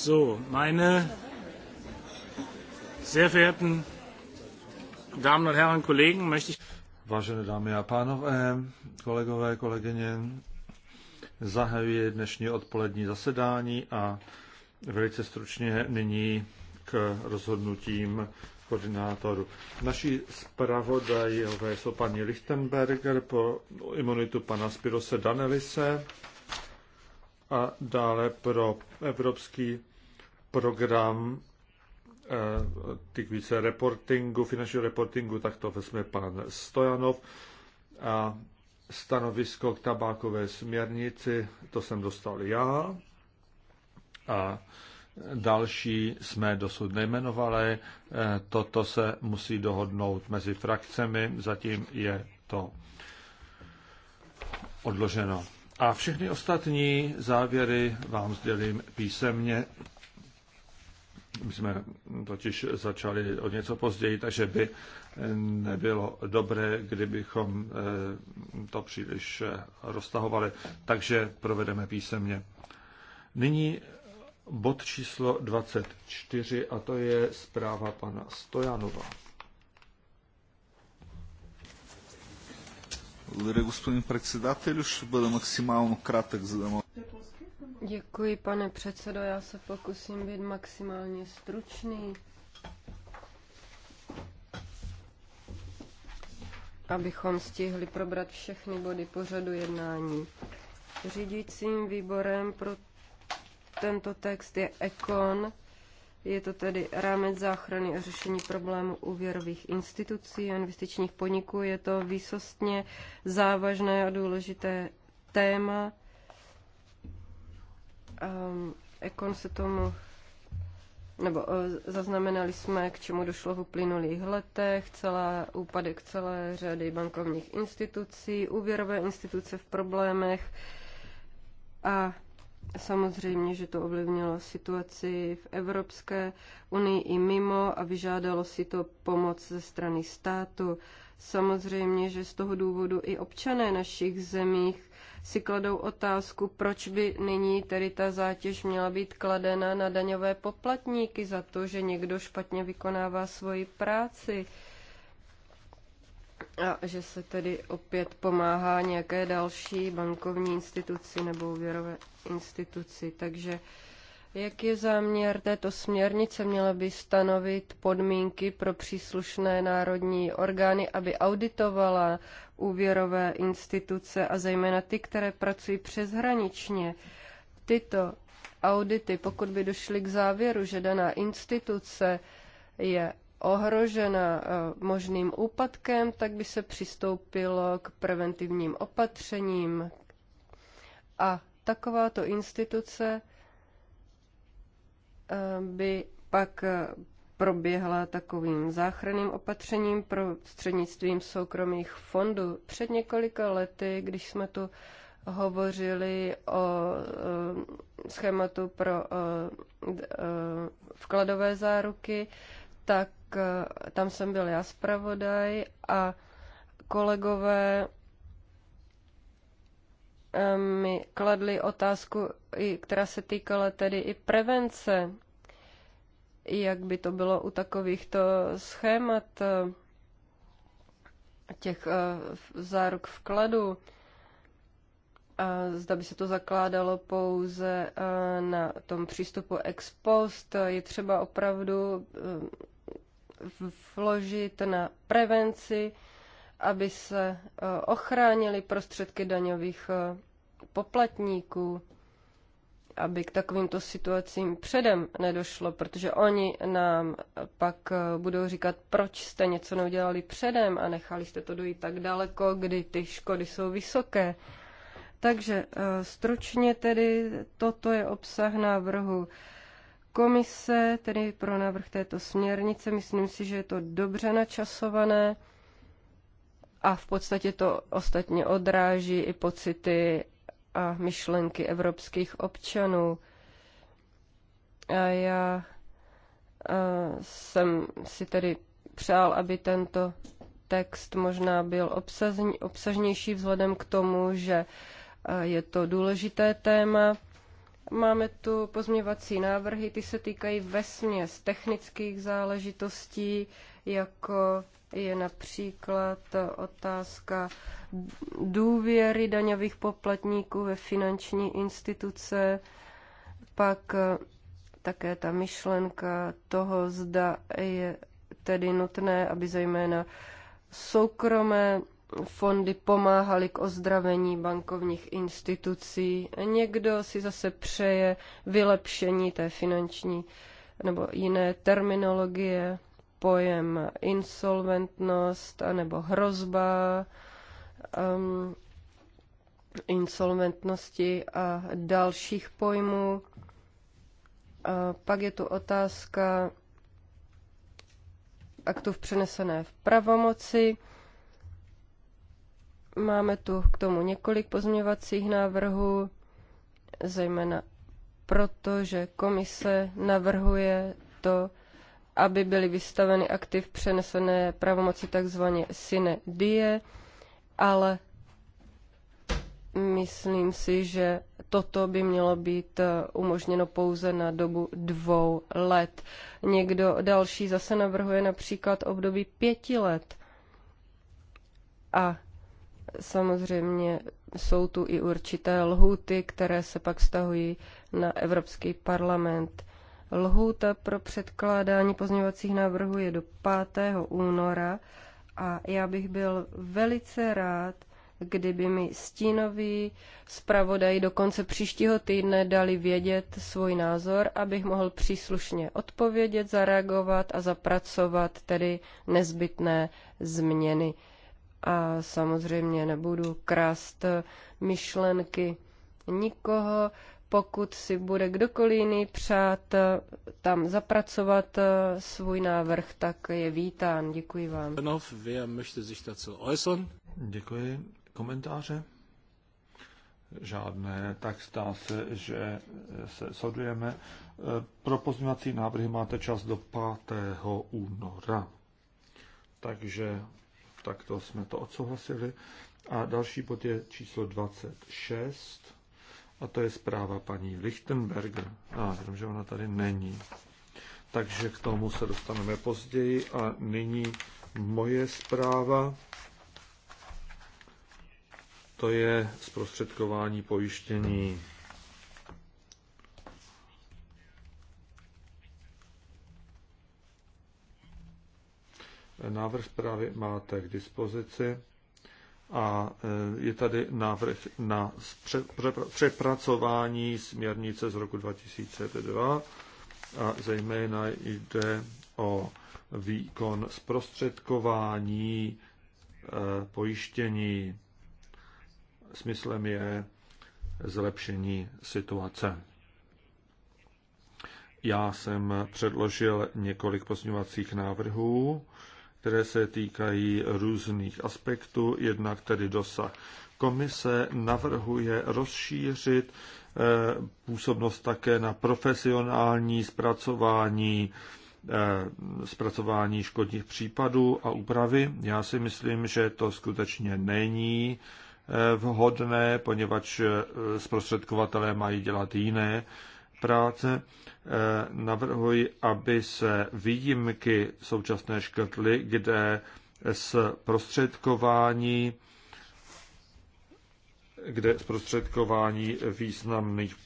So, meine sehr verehrten Damen und Herren Kollegen, möchte ich. Vážené dámy a pánové, kolegové, kolegyně, zahajuji dnešní odpolední zasedání a velice stručně nyní k rozhodnutím koordinátoru. Naší zpravodajové jsou paní Lichtenberger po imunitu pana Spirose Danelise a dále pro Evropský program eh, týkající reportingu, finančního reportingu, tak to vezme pan Stojanov. A stanovisko k tabákové směrnici, to jsem dostal já. A další jsme dosud nejmenovali. Eh, toto se musí dohodnout mezi frakcemi, zatím je to odloženo. A všechny ostatní závěry vám sdělím písemně my jsme totiž začali o něco později, takže by nebylo dobré, kdybychom eh, to příliš eh, roztahovali, takže provedeme písemně. Nyní bod číslo 24 a to je zpráva pana Stojanova. Благодаря, господин председател. Ще бъда максимално кратък, за да мога Děkuji, pane předsedo. Já se pokusím být maximálně stručný. abychom stihli probrat všechny body pořadu jednání. Řídícím výborem pro tento text je ECON, je to tedy rámec záchrany a řešení problémů úvěrových institucí a investičních podniků. Je to výsostně závažné a důležité téma Um, Ekon se tomu nebo eh, zaznamenali jsme, k čemu došlo v uplynulých letech, celá, úpadek celé řady bankovních institucí, úvěrové instituce v problémech a samozřejmě, že to ovlivnilo situaci v Evropské unii i mimo a vyžádalo si to pomoc ze strany státu. Samozřejmě, že z toho důvodu i občané našich zemích si kladou otázku, proč by nyní tedy ta zátěž měla být kladena na daňové poplatníky za to, že někdo špatně vykonává svoji práci a že se tedy opět pomáhá nějaké další bankovní instituci nebo úvěrové instituci. Takže jak je záměr této směrnice? Měla by stanovit podmínky pro příslušné národní orgány, aby auditovala úvěrové instituce a zejména ty, které pracují přeshraničně. Tyto audity, pokud by došly k závěru, že daná instituce je ohrožena eh, možným úpadkem, tak by se přistoupilo k preventivním opatřením. A takováto instituce by pak eh, proběhla takovým záchranným opatřením pro střednictvím soukromých fondů. Před několika lety, když jsme tu hovořili o eh, schématu pro eh, vkladové záruky, tak tam jsem byl já zpravodaj a kolegové Ehm, mi kladli otázku, která se týkala tedy i prevence, jak by to bylo u takovýchto schémat eh, těch eh, záruk vkladu. A zda by se to zakládalo pouze eh, na tom přístupu ex post, je třeba opravdu ehm, vložit na prevenci, aby se e, ochránili prostředky daňových e, poplatníků, aby k takovýmto situacím předem nedošlo, protože oni nám pak e, budou říkat, proč jste něco neudělali předem a nechali jste to dojít tak daleko, kdy ty škody jsou vysoké. Takže stručně tedy toto je obsah návrhu komise, tedy pro návrh této směrnice. Myslím si, že je to dobře načasované. A v podstatě to ostatně odráží i pocity a myšlenky evropských občanů. A já a jsem si tedy přál, aby tento text možná byl obsažnější vzhledem k tomu, že je to důležité téma. Máme tu pozměvací návrhy, ty se týkají vesměs technických záležitostí, jako je například otázka důvěry daňových poplatníků ve finanční instituce, pak také ta myšlenka toho, zda je tedy nutné, aby zejména soukromé fondy pomáhaly k ozdravení bankovních institucí. Někdo si zase přeje vylepšení té finanční nebo jiné terminologie pojem insolventnost nebo hrozba um, insolventnosti a dalších pojmů. A pak je tu otázka aktu v přenesené v pravomoci. Máme tu k tomu několik pozměňovacích návrhů, zejména proto, že komise navrhuje to, aby byly vystaveny aktiv přenesené pravomoci takzvané sine die, ale myslím si, že toto by mělo být eh, umožněno pouze na dobu dvou let. Někdo další zase navrhuje například období pěti let. A samozřejmě jsou tu i určité lhuty, které se pak stahují na Evropský parlament. Lhůta pro předkládání pozměňovacích návrhů je do 5. února a já bych byl velice rád, kdyby mi stínoví zpravodaj do konce příštího týdne dali vědět svůj názor, abych mohl příslušně odpovědět, zareagovat a zapracovat tedy nezbytné změny. A samozřejmě nebudu krást myšlenky nikoho, pokud si bude kdokoliv jiný přát eh, tam zapracovat eh, svůj návrh, tak je vítán. Děkuji vám. Děkuji. Komentáře? Žádné. Tak stá se, že eh, se shodujeme. Pro pozměňovací návrhy máte čas do 5. února. Takže takto jsme to odsouhlasili. A další bod je číslo 26 a to je zpráva paní Lichtenberger. A ah, že ona tady není. Takže k tomu se dostaneme později. A nyní moje zpráva. To je zprostředkování pojištění. Návrh zprávy máte k dispozici a e, je tady návrh na přepracování směrnice z roku 2002 a zejména jde o výkon zprostředkování e, pojištění. Smyslem je zlepšení situace. Já jsem předložil několik pozměňovacích návrhů které se týkají různých aspektů, jednak tedy dosah. Komise navrhuje rozšířit eh, působnost také na profesionální zpracování eh, zpracování škodních případů a úpravy. Já si myslím, že to skutečně není eh, vhodné, poněvadž zprostředkovatelé mají dělat jiné práce eh, navrhuji, aby se výjimky současné škrtly, kde z prostředkování kde zprostředkování významných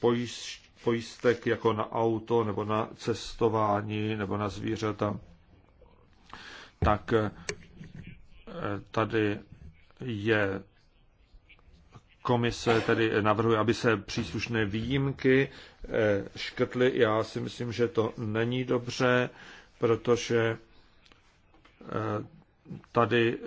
pojistek jako na auto nebo na cestování nebo na zvířata, tak eh, tady je komise tedy navrhuje, aby se příslušné výjimky Eh, škrtli. Já si myslím, že to není dobře, protože eh, tady eh,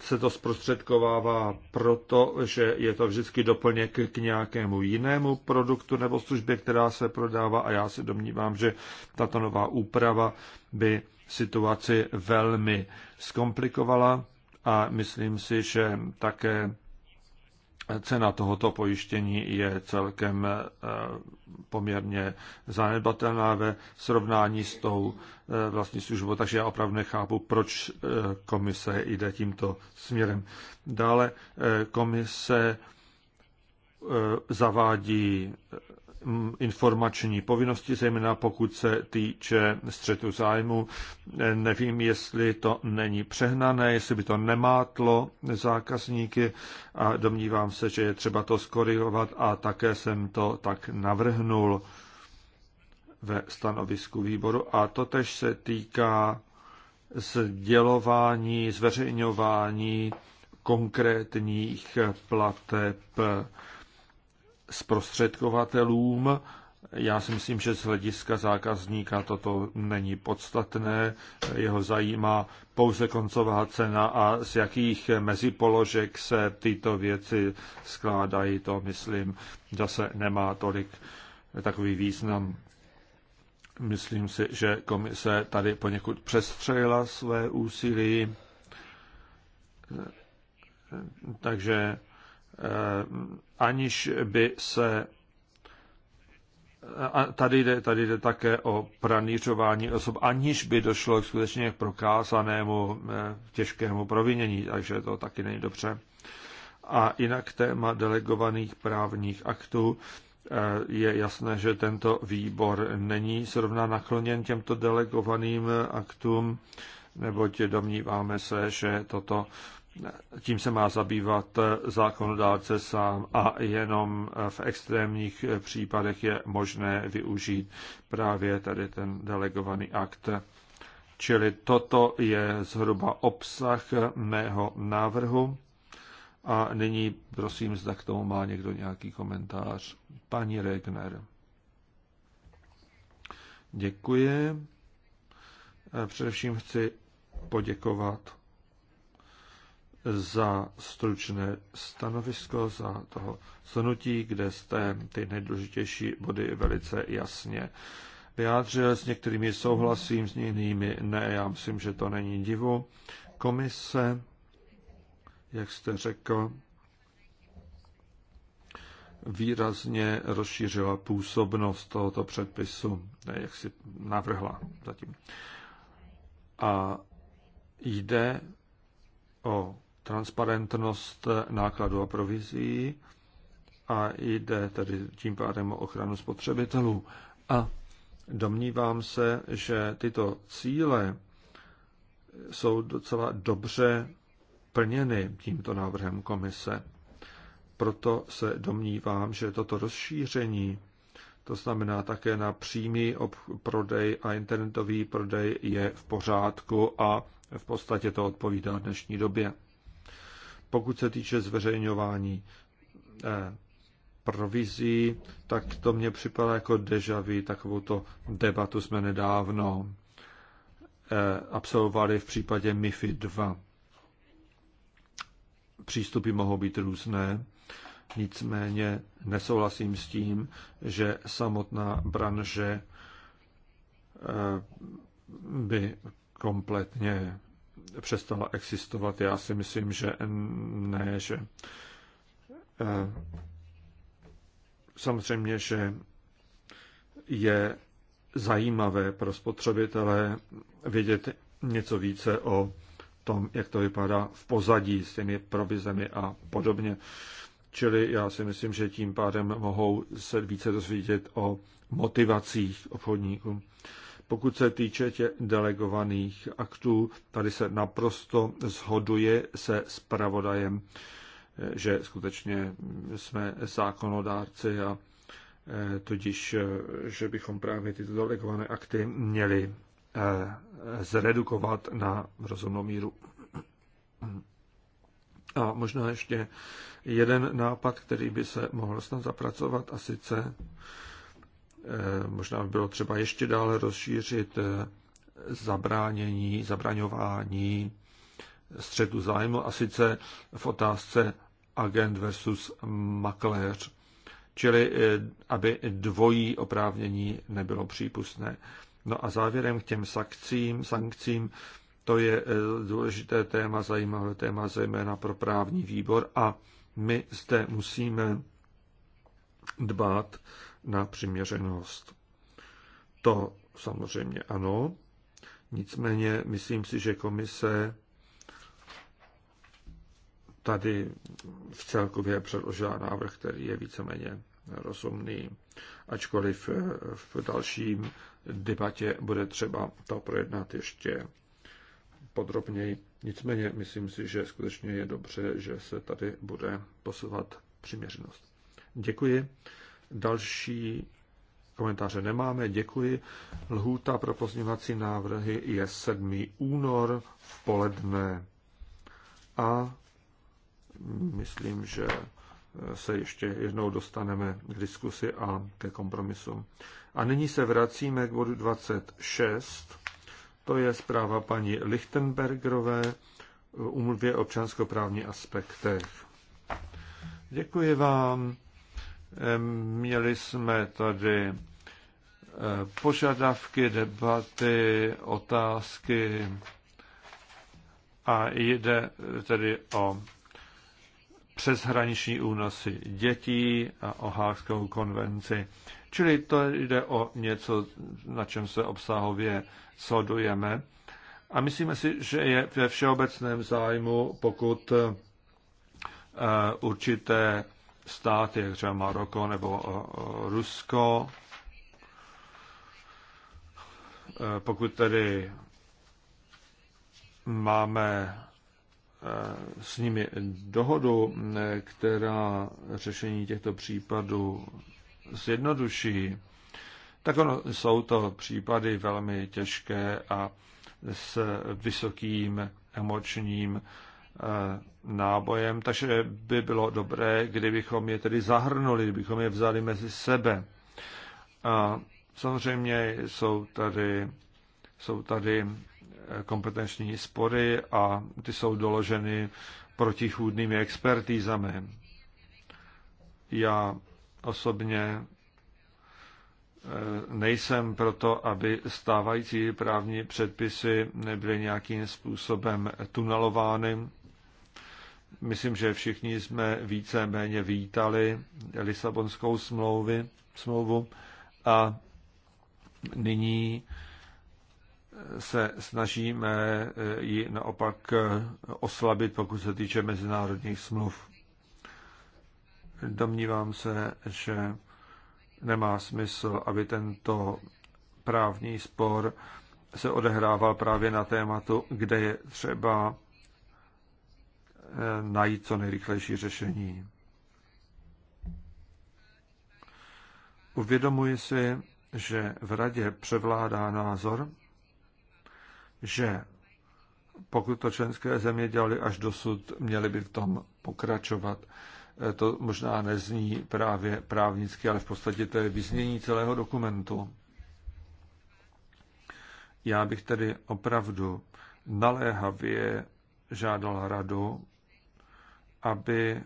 se to zprostředkovává proto, že je to vždycky doplněk k nějakému jinému produktu nebo službě, která se prodává a já se domnívám, že tato nová úprava by situaci velmi zkomplikovala a myslím si, že také Cena tohoto pojištění je celkem eh, poměrně zanedbatelná ve srovnání s tou eh, vlastní službou, takže já opravdu nechápu, proč eh, komise jde tímto směrem. Dále komise zavádí Mm, informační povinnosti, zejména pokud se týče střetu zájmu. E, nevím, jestli to není přehnané, jestli by to nemátlo zákazníky a domnívám se, že je třeba to skorigovat a také jsem to tak navrhnul ve stanovisku výboru. A to tež se týká sdělování, zveřejňování konkrétních plateb zprostředkovatelům. Já si myslím, že z hlediska zákazníka toto není podstatné. Jeho zajímá pouze koncová cena a z jakých mezipoložek se tyto věci skládají. To, myslím, zase nemá tolik takový význam. Myslím si, že komise tady poněkud přestřelila své úsilí. Takže Eh, aniž by se a tady jde, tady jde také o pranířování osob, aniž by došlo k skutečně k prokázanému eh, těžkému provinění, takže to taky není dobře. A jinak téma delegovaných právních aktů eh, je jasné, že tento výbor není zrovna nakloněn těmto delegovaným aktům, neboť domníváme se, že toto tím se má zabývat eh, zákonodárce sám a jenom eh, v extrémních eh, případech je možné využít právě tady ten delegovaný akt. Čili toto je zhruba obsah mého návrhu. A nyní prosím, zda k tomu má někdo nějaký komentář. Paní Regner. Děkuji. Především chci poděkovat za stručné stanovisko, za toho shrnutí, kde jste ty nejdůležitější body velice jasně vyjádřil. S některými souhlasím, s jinými ne. Já myslím, že to není divu. Komise, jak jste řekl, výrazně rozšířila působnost tohoto předpisu, jak si navrhla zatím. A jde o transparentnost nákladů a provizí a jde tedy tím pádem o ochranu spotřebitelů. A domnívám se, že tyto cíle jsou docela dobře plněny tímto návrhem komise. Proto se domnívám, že toto rozšíření, to znamená také na přímý prodej a internetový prodej, je v pořádku a v podstatě to odpovídá dnešní době pokud se týče zveřejňování eh, provizí, tak to mě připadá jako deja to debatu jsme nedávno eh, absolvovali v případě MIFID 2. Přístupy mohou být různé, nicméně nesouhlasím s tím, že samotná branže eh, by kompletně přestala existovat. Já si myslím, že ne, že eh, samozřejmě, že je zajímavé pro spotřebitele vědět něco více o tom, jak to vypadá v pozadí s těmi provizemi a podobně. Čili já si myslím, že tím pádem mohou se více dozvědět o motivacích obchodníků. Pokud se týče těch delegovaných aktů, tady se naprosto zhoduje se zpravodajem, že skutečně jsme zákonodárci a e, tudíž, e, že bychom právě tyto delegované akty měli e, zredukovat na rozumnou míru. A možná ještě jeden nápad, který by se mohl snad zapracovat, a sice Eh, možná by bylo třeba ještě dále rozšířit eh, zabránění, zabraňování střetu zájmu a sice v otázce agent versus makléř, čili eh, aby dvojí oprávnění nebylo přípustné. No a závěrem k těm sankcím, sankcím to je důležité téma, zajímavé téma zejména pro právní výbor a my zde musíme dbát na přiměřenost. To samozřejmě ano, nicméně myslím si, že komise tady v celkově předložila návrh, který je víceméně rozumný, ačkoliv eh, v dalším debatě bude třeba to projednat ještě podrobněji. Nicméně myslím si, že skutečně je dobře, že se tady bude posouvat přiměřenost. Děkuji. Další komentáře nemáme, děkuji. Lhůta pro pozměňovací návrhy je 7. únor v poledne. A myslím, že se ještě jednou dostaneme k diskusi a ke kompromisu. A nyní se vracíme k bodu 26. To je zpráva paní Lichtenbergerové umluvě o občanskoprávních aspektech. Děkuji vám. Měli jsme tady eh, požadavky, debaty, otázky a jde tedy o přeshraniční únosy dětí a o Hářskou konvenci. Čili to jde o něco, na čem se obsahově sodujeme. A myslíme si, že je ve všeobecném zájmu, pokud eh, určité státy, jak třeba Maroko nebo eh, Rusko, eh, pokud tedy máme eh, s nimi dohodu, která řešení těchto případů zjednoduší, tak ono, jsou to případy velmi těžké a s vysokým emočním Eh, nábojem, takže by bylo dobré, kdybychom je tedy zahrnuli, kdybychom je vzali mezi sebe. A samozřejmě jsou tady, jsou tady eh, kompetenční spory a ty jsou doloženy protichůdnými expertízami. Já osobně eh, nejsem proto, aby stávající právní předpisy nebyly nějakým způsobem tunelovány Myslím, že všichni jsme více-méně vítali Lisabonskou smlouvy, smlouvu a nyní se snažíme ji naopak oslabit, pokud se týče mezinárodních smluv. Domnívám se, že nemá smysl, aby tento právní spor se odehrával právě na tématu, kde je třeba najít co nejrychlejší řešení. Uvědomuji si, že v radě převládá názor, že pokud to členské země dělali až dosud, měli by v tom pokračovat. E, to možná nezní právě právnicky, ale v podstatě to je vyznění celého dokumentu. Já bych tedy opravdu naléhavě žádal radu, aby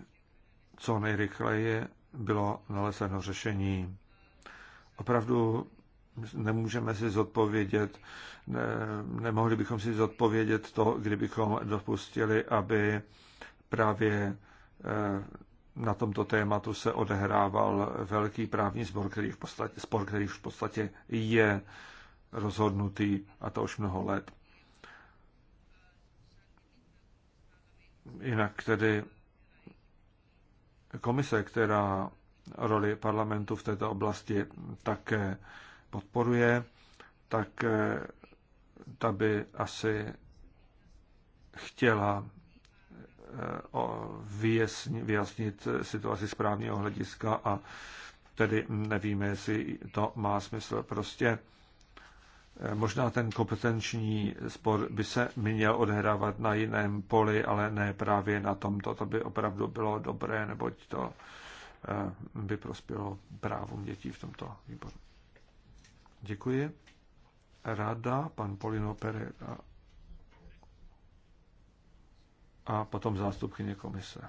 co nejrychleji bylo nalezeno řešení. Opravdu nemůžeme si zodpovědět, ne, nemohli bychom si zodpovědět to, kdybychom dopustili, aby právě eh, na tomto tématu se odehrával velký právní spor, který v podstatě, spor, který v podstatě je rozhodnutý a to už mnoho let. Jinak tedy Komise, která roli parlamentu v této oblasti také podporuje, tak eh, ta by asi chtěla eh, vyjasnit situaci z právního hlediska a tedy nevíme, jestli to má smysl. Prostě Eh, možná ten kompetenční spor by se měl odehrávat na jiném poli, ale ne právě na tomto. To by opravdu bylo dobré, neboť to eh, by prospělo právům dětí v tomto výboru. Děkuji. Rada, pan Polino Pereira a potom zástupkyně komise.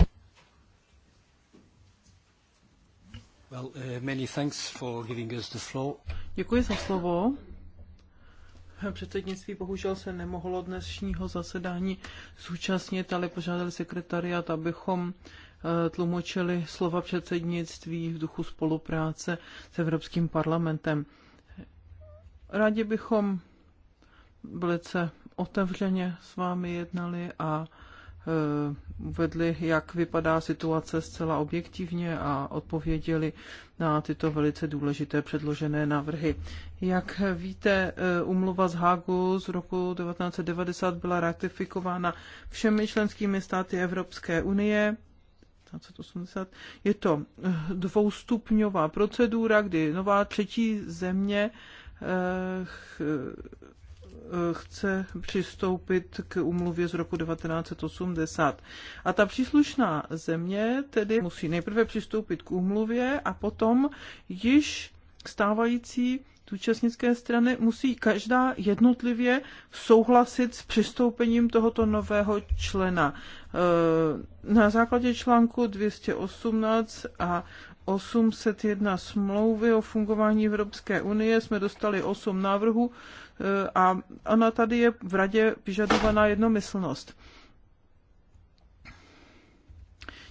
Well, uh, many thanks for giving us the floor. Děkuji za slovo. Předsednictví bohužel se nemohlo dnešního zasedání zúčastnit, ale požádali sekretariat, abychom eh, tlumočili slova předsednictví v duchu spolupráce s Evropským parlamentem. Rádi bychom velice otevřeně s vámi jednali a Eh, uvedli, jak vypadá situace zcela objektivně a odpověděli na tyto velice důležité předložené návrhy. Jak víte, eh, umluva z Hágu z roku 1990 byla ratifikována všemi členskými státy Evropské unie. Je to eh, dvoustupňová procedura, kdy nová třetí země chce přistoupit k umluvě z roku 1980. A ta příslušná země tedy musí nejprve přistoupit k umluvě a potom již stávající účastnické strany musí každá jednotlivě souhlasit s přistoupením tohoto nového člena. E, na základě článku 218 a 801 smlouvy o fungování Evropské unie jsme dostali 8 návrhů a ona tady je v radě vyžadovaná jednomyslnost.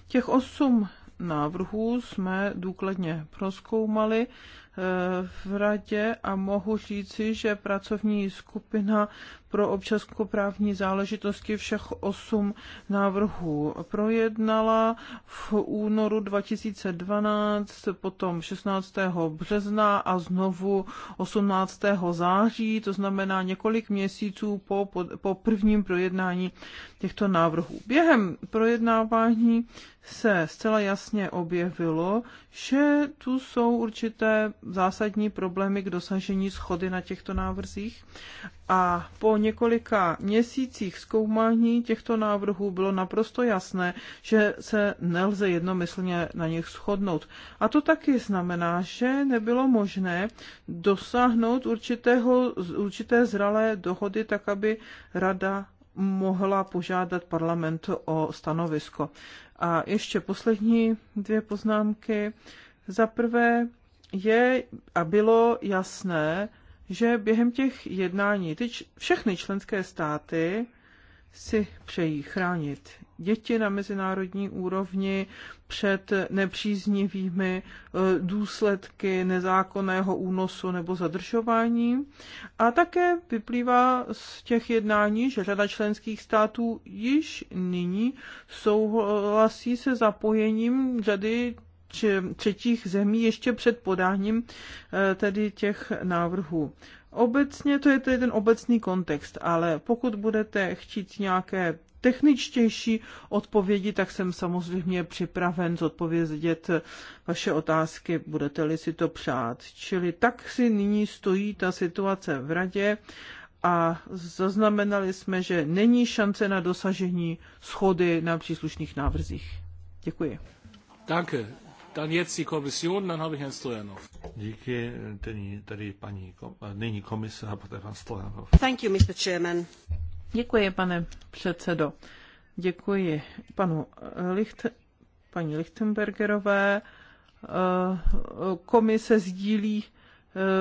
Těch osm návrhů jsme důkladně proskoumali eh, v radě a mohu říci, že pracovní skupina pro občanskoprávní záležitosti všech osm návrhů projednala v únoru 2012, potom 16. března a znovu 18. září, to znamená několik měsíců po, po, po prvním projednání těchto návrhů. Během projednávání se zcela jasně objevilo, že tu jsou určité zásadní problémy k dosažení schody na těchto návrzích a po několika měsících zkoumání těchto návrhů bylo naprosto jasné, že se nelze jednomyslně na nich shodnout. A to taky znamená, že nebylo možné dosáhnout určitého, určité zralé dohody, tak aby rada mohla požádat parlament o stanovisko. A ještě poslední dvě poznámky. Za prvé je a bylo jasné, že během těch jednání ty všechny členské státy si přejí chránit děti na mezinárodní úrovni před nepříznivými eh, důsledky nezákonného únosu nebo zadržování. A také vyplývá z těch jednání, že řada členských států již nyní souhlasí se zapojením řady či třetích zemí ještě před podáním eh, tedy těch návrhů. Obecně to je tedy ten obecný kontext, ale pokud budete chtít nějaké techničtější odpovědi, tak jsem samozřejmě připraven zodpovědět vaše otázky, budete-li si to přát. Čili tak si nyní stojí ta situace v radě a zaznamenali jsme, že není šance na dosažení schody na příslušných návrzích. Děkuji. Danke. Dann jetzt die Kommission, dann habe ich Herrn Stojanov. Díky, paní, nyní komise a poté pan Stojanov. Thank you, Mr. Chairman. Děkuji, pane předsedo. Děkuji panu eh, Licht, paní Lichtenbergerové. Eh, komise sdílí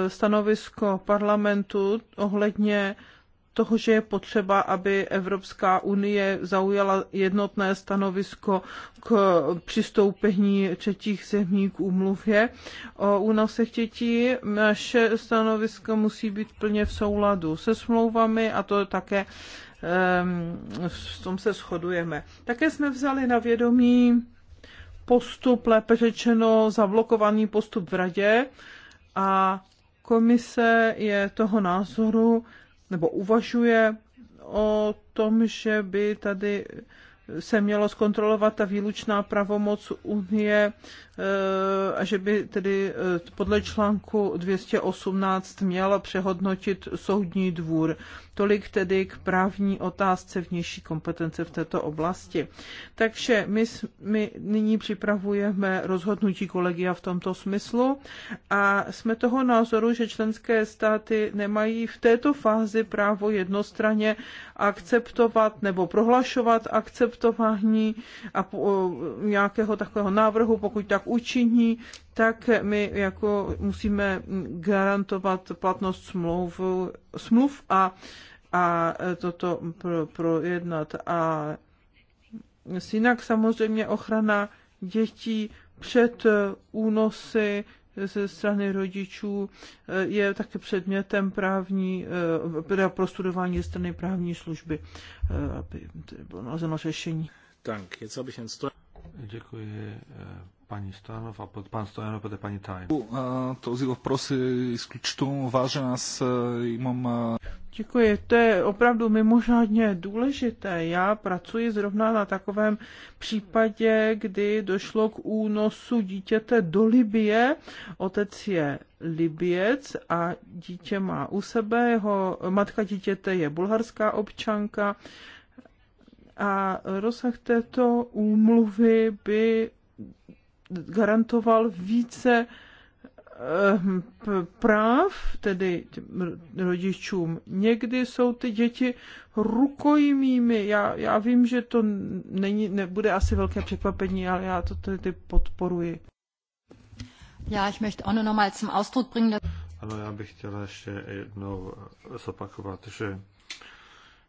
eh, stanovisko parlamentu ohledně toho, že je potřeba, aby Evropská unie zaujala jednotné stanovisko k přistoupení třetích zemí k úmluvě o únosech dětí. Naše stanovisko musí být plně v souladu se smlouvami a to také v tom se shodujeme. Také jsme vzali na vědomí postup, lépe řečeno zablokovaný postup v radě a komise je toho názoru, nebo uvažuje o tom, že by tady se mělo zkontrolovat ta výlučná pravomoc Unie Eh, a že by tedy eh, podle článku 218 měla přehodnotit soudní dvůr. Tolik tedy k právní otázce vnější kompetence v této oblasti. Takže my, my nyní připravujeme rozhodnutí kolegia v tomto smyslu a jsme toho názoru, že členské státy nemají v této fázi právo jednostranně akceptovat nebo prohlašovat akceptování a nějakého takového návrhu, pokud tak učiní, tak my jako musíme garantovat platnost smluv, smluv a, a toto pro, projednat. A jinak samozřejmě ochrana dětí před únosy ze strany rodičů je také předmětem právní, teda eh, prostudování ze strany právní služby, eh, aby bylo nalezeno řešení. Tak, bych jen stojil. Děkuji eh, paní Stojanov a pod, pan Stojanov, poté paní Taj. To въпрос prosím изключително váže nás, имам... E, e, Děkuji, to je opravdu mimořádně důležité. Já pracuji zrovna na takovém případě, kdy došlo k únosu dítěte do Libie. Otec je Libiec a dítě má u sebe, jeho matka dítěte je bulharská občanka a rozsah této úmluvy by garantoval více ehm, práv, tedy rodičům. Někdy jsou ty děti rukojmými. Já, já vím, že to není, nebude asi velké překvapení, ale já to tedy podporuji. Já, ich möchte auch nur noch mal zum Ausdruck bringen, dass... Ano, já bych chtěla ještě jednou zopakovat, že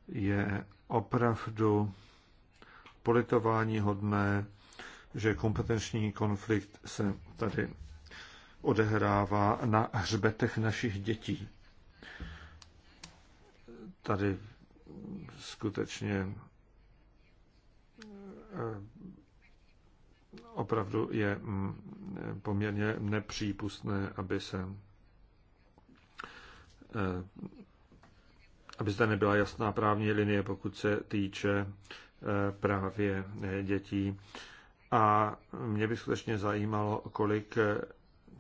je opravdu politování hodné, že kompetenční konflikt se tady odehrává na hřbetech našich dětí. Tady skutečně eh, opravdu je mm, poměrně nepřípustné, aby se eh, aby zde nebyla jasná právní linie, pokud se týče eh, právě dětí. A mě by skutečně zajímalo, kolik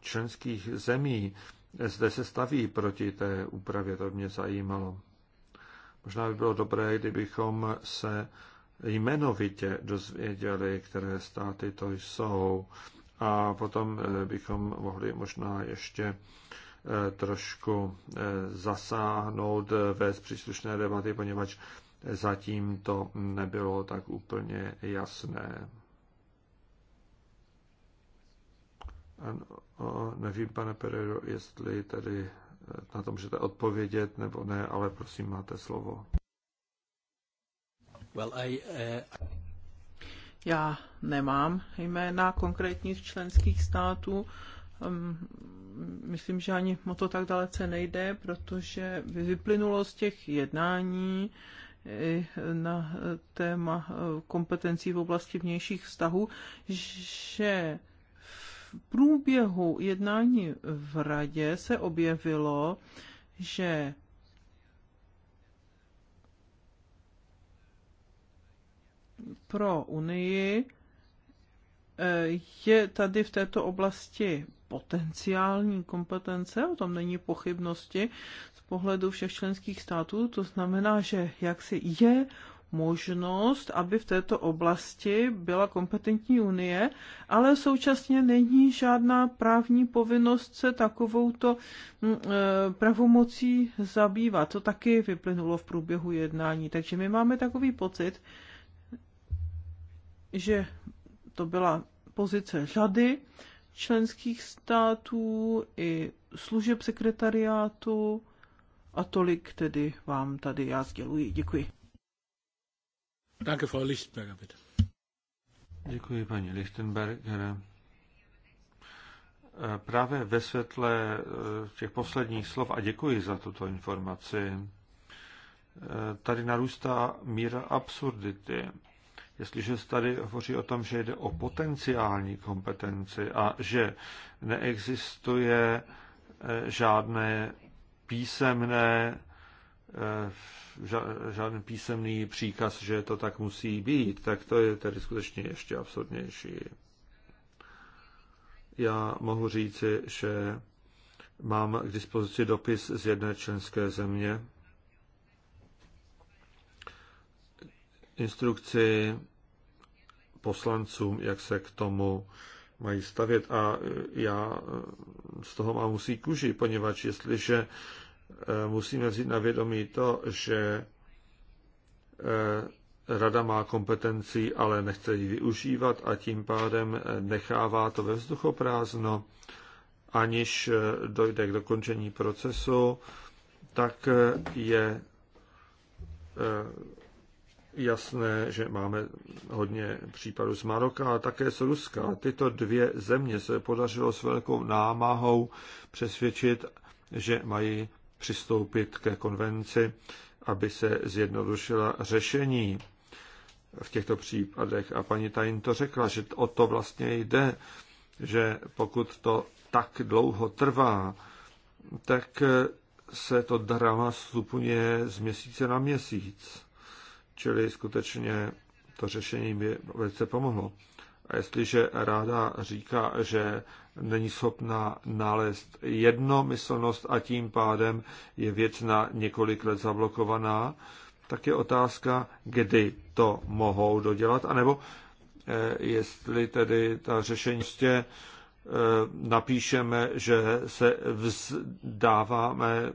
členských zemí zde se staví proti té úpravě, to mě zajímalo. Možná by bylo dobré, kdybychom se jmenovitě dozvěděli, které státy to jsou. A potom eh, bychom mohli možná ještě eh, trošku eh, zasáhnout, vést příslušné debaty, poněvadž zatím to nebylo tak úplně jasné. Ano, nevím, pane Pereiro, jestli tady eh, na to můžete odpovědět nebo ne, ale prosím, máte slovo. Well, I, uh... Já nemám jména konkrétních členských států. Myslím, že ani o to tak dalece nejde, protože vyplynulo z těch jednání na téma eh, kompetencí v oblasti vnějších vztahů, že v průběhu jednání v radě se objevilo, že pro Unii eh, je tady v této oblasti potenciální kompetence, o tom není pochybnosti z pohledu všech členských států, to znamená, že jaksi je možnost, aby v této oblasti byla kompetentní unie, ale současně není žádná právní povinnost se takovouto mm, eh, pravomocí zabývat. To taky vyplynulo v průběhu jednání. Takže my máme takový pocit, že to byla pozice řady členských států i služeb sekretariátu. A tolik tedy vám tady já sděluji. Děkuji. Danke, Frau Lichtenberger, bitte. Děkuji, paní Lichtenberger. Eh, právě ve světle eh, těch posledních slov, a děkuji za tuto informaci, eh, tady narůstá míra absurdity. Jestliže se tady hovoří o tom, že jde o potenciální kompetenci a že neexistuje žádné písemné Eh, žádný písemný příkaz, že to tak musí být, tak to je tedy skutečně ještě absurdnější. Já mohu říci, že mám k dispozici dopis z jedné členské země, instrukci poslancům, jak se k tomu mají stavět. A já z toho mám musí kuži, poněvadž jestliže Eh, musíme vzít na vědomí to, že eh, rada má kompetenci, ale nechce ji využívat a tím pádem eh, nechává to ve prázdno, aniž dojde k dokončení procesu, tak je jasné, že máme hodně případů z Maroka a také z Ruska. Tyto dvě země se podařilo s velkou námahou přesvědčit, že mají přistoupit ke konvenci, aby se zjednodušila řešení v těchto případech. A paní Tajn to řekla, že o to vlastně jde, že pokud to tak dlouho trvá, tak se to drama stupňuje z měsíce na měsíc. Čili skutečně to řešení by velice pomohlo. A jestliže ráda říká, že není schopna nalézt jednomyslnost a tím pádem je věc na několik let zablokovaná, tak je otázka, kdy to mohou dodělat, anebo eh, jestli tedy ta řešení prostě eh, napíšeme, že se vzdáváme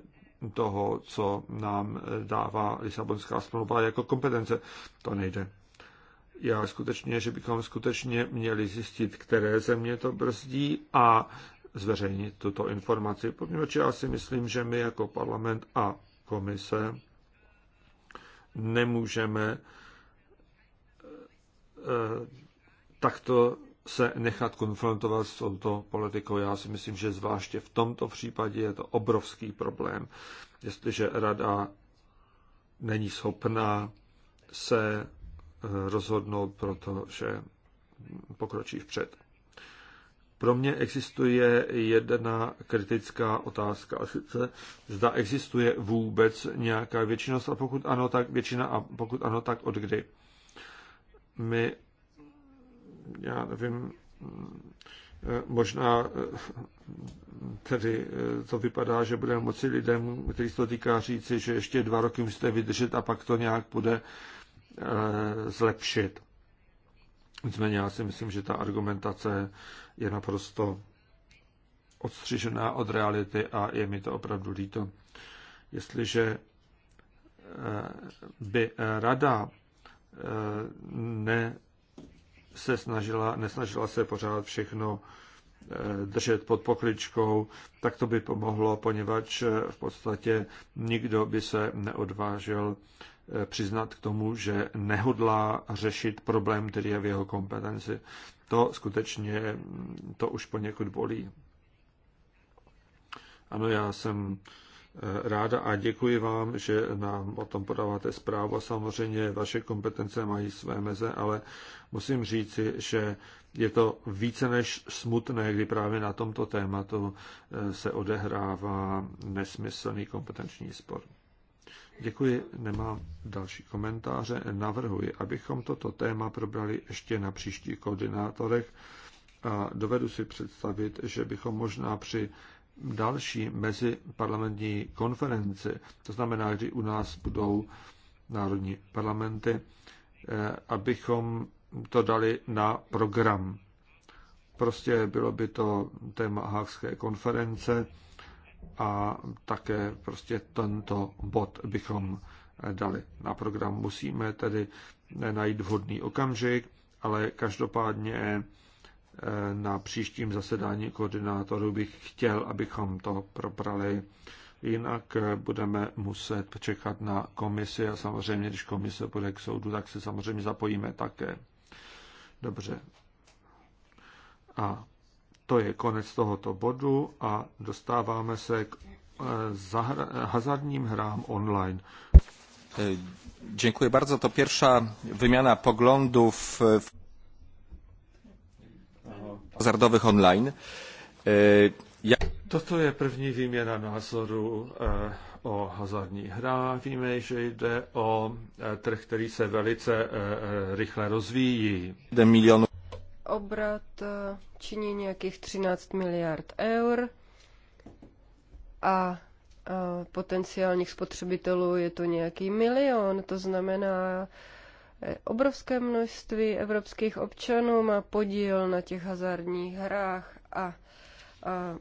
toho, co nám dává Lisabonská smlouva jako kompetence. To nejde já skutečně, že bychom skutečně měli zjistit, které země to brzdí a zveřejnit tuto informaci, poněvadž já si myslím, že my jako parlament a komise nemůžeme eh, takto se nechat konfrontovat s touto politikou. Já si myslím, že zvláště v tomto případě je to obrovský problém. Jestliže rada není schopná se rozhodnout, protože pokročí vpřed. Pro mě existuje jedna kritická otázka, a sice zda existuje vůbec nějaká většinost, a pokud ano, tak většina, a pokud ano, tak od kdy. My, já nevím, možná tedy to vypadá, že budeme moci lidem, kteří se to týká, říci, že ještě dva roky musíte vydržet a pak to nějak bude Eh, zlepšit. Nicméně já si myslím, že ta argumentace je naprosto odstřižená od reality a je mi to opravdu líto. Jestliže eh, by rada eh, ne se snažila, nesnažila se pořád všechno držet pod pokličkou, tak to by pomohlo, poněvadž v podstatě nikdo by se neodvážil přiznat k tomu, že nehodlá řešit problém, který je v jeho kompetenci. To skutečně, to už poněkud bolí. Ano, já jsem eh, ráda a děkuji vám, že nám o tom podáváte zprávu. Samozřejmě vaše kompetence mají své meze, ale musím říci, že je to více než smutné, kdy právě na tomto tématu eh, se odehrává nesmyslný kompetenční spor. Děkuji, nemám další komentáře. Navrhuji, abychom toto téma probrali ještě na příštích koordinátorech a dovedu si představit, že bychom možná při další meziparlamentní konferenci, to znamená, kdy u nás budou národní parlamenty, eh, abychom to dali na program. Prostě bylo by to téma Hákské konference, a také prostě tento bod bychom dali na program. Musíme tedy najít vhodný okamžik, ale každopádně eh, na příštím zasedání koordinátorů bych chtěl, abychom to probrali. Jinak eh, budeme muset čekat na komisi a samozřejmě, když komise bude k soudu, tak se samozřejmě zapojíme také. Dobře. A to je konec tohoto bodu a dostáváme se k eh, hazardním hrám online. Eh, dziękuję bardzo. To pierwsza wymiana poglądów w hazardowych online. Eh, ja... To, to je první výměna názoru o hazardní hra. Víme, že jde o trh, který se velice rychle rozvíjí. milionů obrat eh, činí nějakých 13 miliard eur a eh, potenciálních spotřebitelů je to nějaký milion. To znamená, eh, obrovské množství evropských občanů má podíl na těch hazardních hrách a, a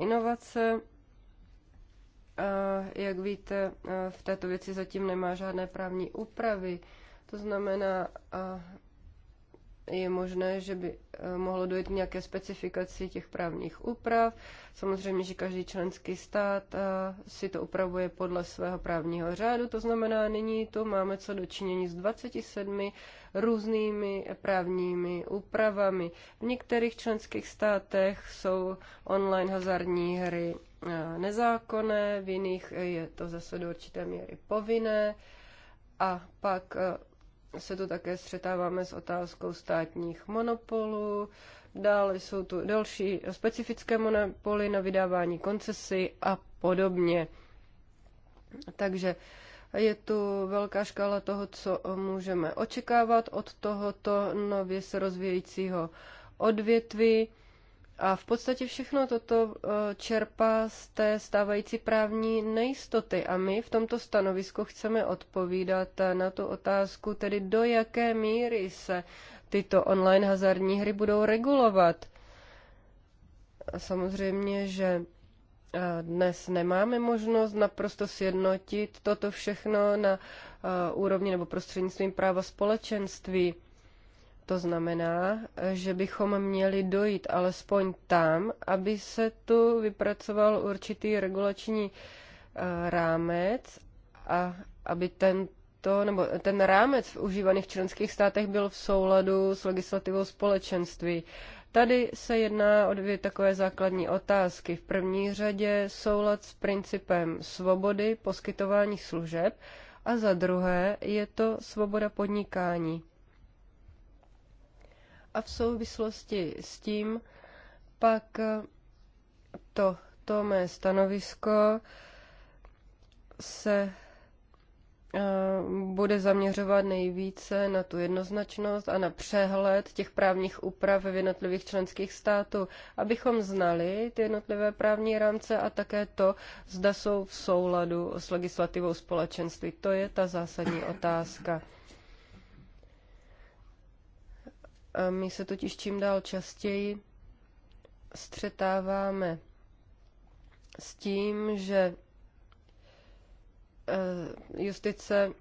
inovace. A jak víte, v této věci zatím nemá žádné právní úpravy. To znamená, je možné, že by eh, mohlo dojít k nějaké specifikaci těch právních úprav. Samozřejmě, že každý členský stát eh, si to upravuje podle svého právního řádu, to znamená, nyní to máme co dočinění s 27 různými právními úpravami. V některých členských státech jsou online hazardní hry eh, nezákonné, v jiných je to zase do určité míry povinné. A pak se tu také střetáváme s otázkou státních monopolů, dále jsou tu další specifické monopoly na vydávání koncesy a podobně. Takže je tu velká škála toho, co můžeme očekávat od tohoto nově se rozvíjejícího odvětví. A v podstatě všechno toto e, čerpá z té stávající právní nejistoty. A my v tomto stanovisku chceme odpovídat na tu otázku, tedy do jaké míry se tyto online hazardní hry budou regulovat. A samozřejmě, že e, dnes nemáme možnost naprosto sjednotit toto všechno na e, úrovni nebo prostřednictvím práva společenství. To znamená, že bychom měli dojít alespoň tam, aby se tu vypracoval určitý regulační eh, rámec a aby tento, nebo ten rámec v užívaných členských státech byl v souladu s legislativou společenství. Tady se jedná o dvě takové základní otázky. V první řadě soulad s principem svobody poskytování služeb a za druhé je to svoboda podnikání a v souvislosti s tím pak to, to mé stanovisko se eh, bude zaměřovat nejvíce na tu jednoznačnost a na přehled těch právních úprav v jednotlivých členských států, abychom znali ty jednotlivé právní rámce a také to, zda jsou v souladu s legislativou společenství. To je ta zásadní otázka. My se totiž čím dál častěji střetáváme s tím, že e, justice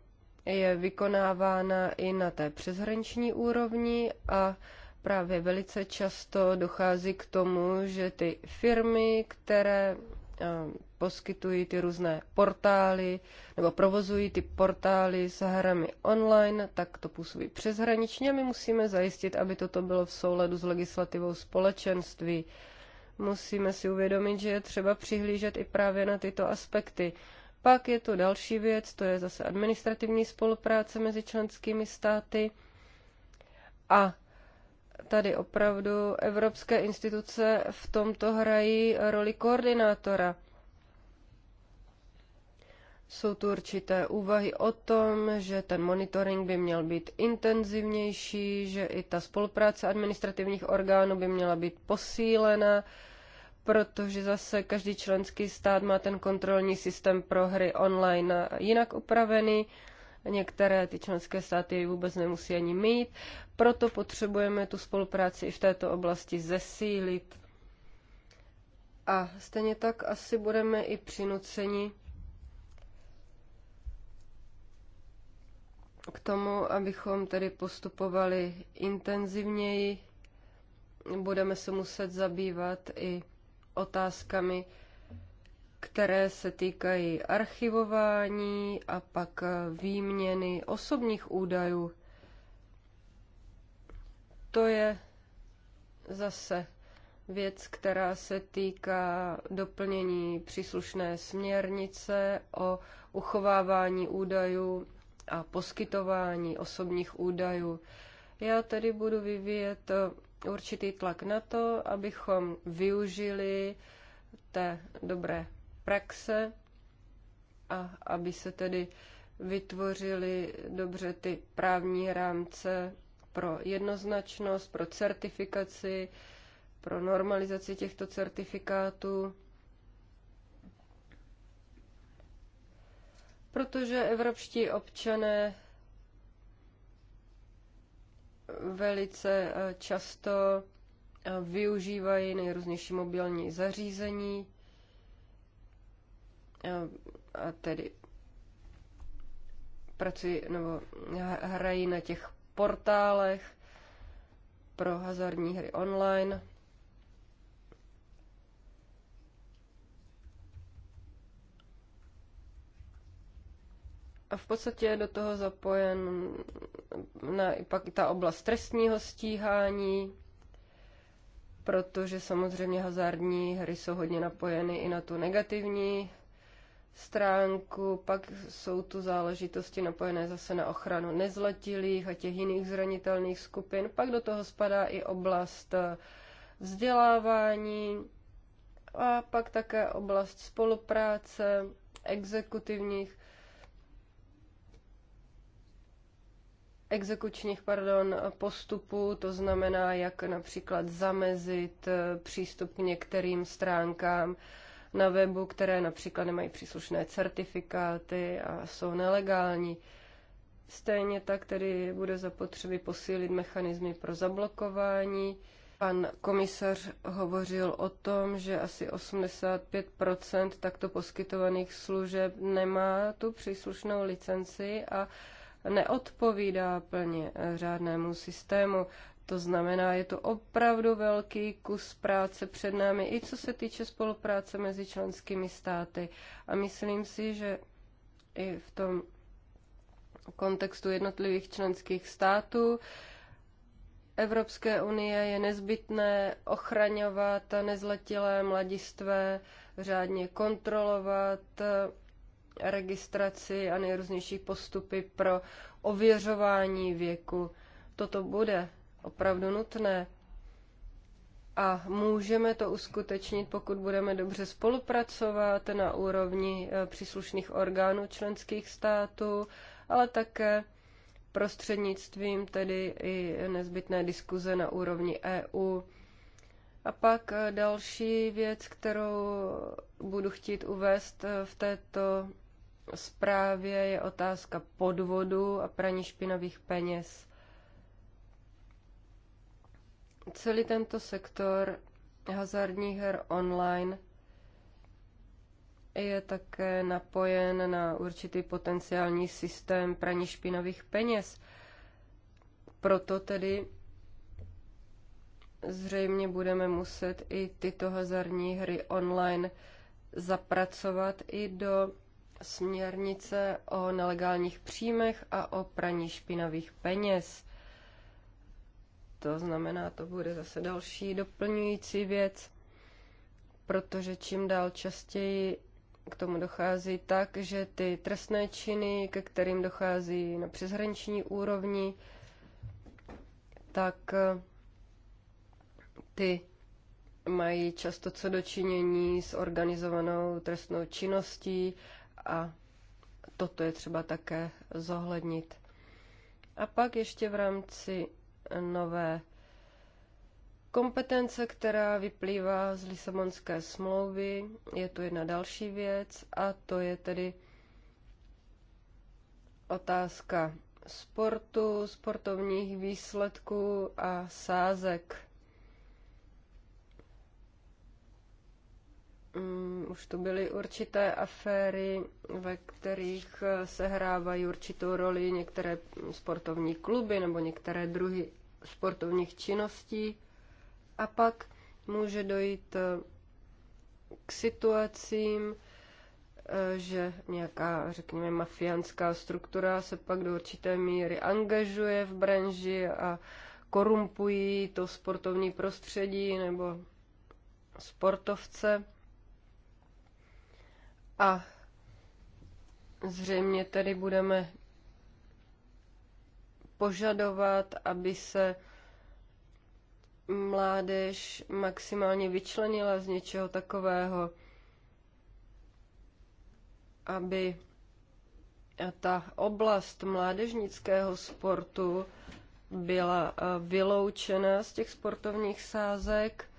je vykonávána i na té přeshraniční úrovni a právě velice často dochází k tomu, že ty firmy, které e, poskytují ty různé portály nebo provozují ty portály s hrami online, tak to působí přeshraničně a my musíme zajistit, aby toto bylo v souladu s legislativou společenství. Musíme si uvědomit, že je třeba přihlížet i právě na tyto aspekty. Pak je to další věc, to je zase administrativní spolupráce mezi členskými státy. A tady opravdu evropské instituce v tomto hrají roli koordinátora. Jsou tu určité úvahy o tom, že ten monitoring by měl být intenzivnější, že i ta spolupráce administrativních orgánů by měla být posílena, protože zase každý členský stát má ten kontrolní systém pro hry online jinak upravený. Některé ty členské státy ji vůbec nemusí ani mít, proto potřebujeme tu spolupráci i v této oblasti zesílit. A stejně tak asi budeme i přinuceni k tomu, abychom tedy postupovali intenzivněji, budeme se muset zabývat i otázkami, které se týkají archivování a pak výměny osobních údajů. To je zase věc, která se týká doplnění příslušné směrnice o uchovávání údajů a poskytování osobních údajů. Já tady budu vyvíjet eh, určitý tlak na to, abychom využili té dobré praxe a aby se tedy vytvořili dobře ty právní rámce pro jednoznačnost, pro certifikaci, pro normalizaci těchto certifikátů protože evropští občané velice eh, často eh, využívají nejrůznější mobilní zařízení eh, a tedy pracují nebo hrají na těch portálech pro hazardní hry online. A v podstatě je do toho zapojen na, pak i ta oblast trestního stíhání, protože samozřejmě hazardní hry jsou hodně napojeny i na tu negativní stránku, pak jsou tu záležitosti napojené zase na ochranu nezletilých a těch jiných zranitelných skupin, pak do toho spadá i oblast eh, vzdělávání a pak také oblast spolupráce exekutivních exekučních pardon, postupů, to znamená, jak například zamezit eh, přístup k některým stránkám na webu, které například nemají příslušné certifikáty a jsou nelegální. Stejně tak tedy bude zapotřebí posílit mechanismy pro zablokování. Pan komisař hovořil o tom, že asi 85 takto poskytovaných služeb nemá tu příslušnou licenci a neodpovídá plně řádnému systému. To znamená, je to opravdu velký kus práce před námi, i co se týče spolupráce mezi členskými státy. A myslím si, že i v tom kontextu jednotlivých členských států Evropské unie je nezbytné ochraňovat nezletilé mladistvé, řádně kontrolovat registraci a nejrůznější postupy pro ověřování věku. Toto bude opravdu nutné a můžeme to uskutečnit, pokud budeme dobře spolupracovat na úrovni eh, příslušných orgánů členských států, ale také prostřednictvím tedy i nezbytné diskuze na úrovni EU. A pak eh, další věc, kterou budu chtít uvést eh, v této zprávě, je otázka podvodu a praní špinavých peněz. Celý tento sektor hazardních her online je také napojen na určitý potenciální systém praní špinavých peněz. Proto tedy zřejmě budeme muset i tyto hazardní hry online zapracovat i do směrnice o nelegálních příjmech a o praní špinavých peněz. To znamená, to bude zase další doplňující věc, protože čím dál častěji k tomu dochází tak, že ty trestné činy, ke kterým dochází na přeshraniční úrovni, tak ty mají často co dočinění s organizovanou trestnou činností a toto je třeba také zohlednit. A pak ještě v rámci nové kompetence, která vyplývá z Lisabonské smlouvy, je tu jedna další věc a to je tedy otázka sportu, sportovních výsledků a sázek. um, už tu byly určité aféry, ve kterých eh, se hrávají určitou roli některé sportovní kluby nebo některé druhy sportovních činností. A pak může dojít eh, k situacím, eh, že nějaká, řekněme, mafiánská struktura se pak do určité míry angažuje v branži a korumpují to sportovní prostředí nebo sportovce. A zřejmě tady budeme požadovat, aby se mládež maximálně vyčlenila z něčeho takového, aby ta oblast mládežnického sportu byla vyloučena z těch sportovních sázek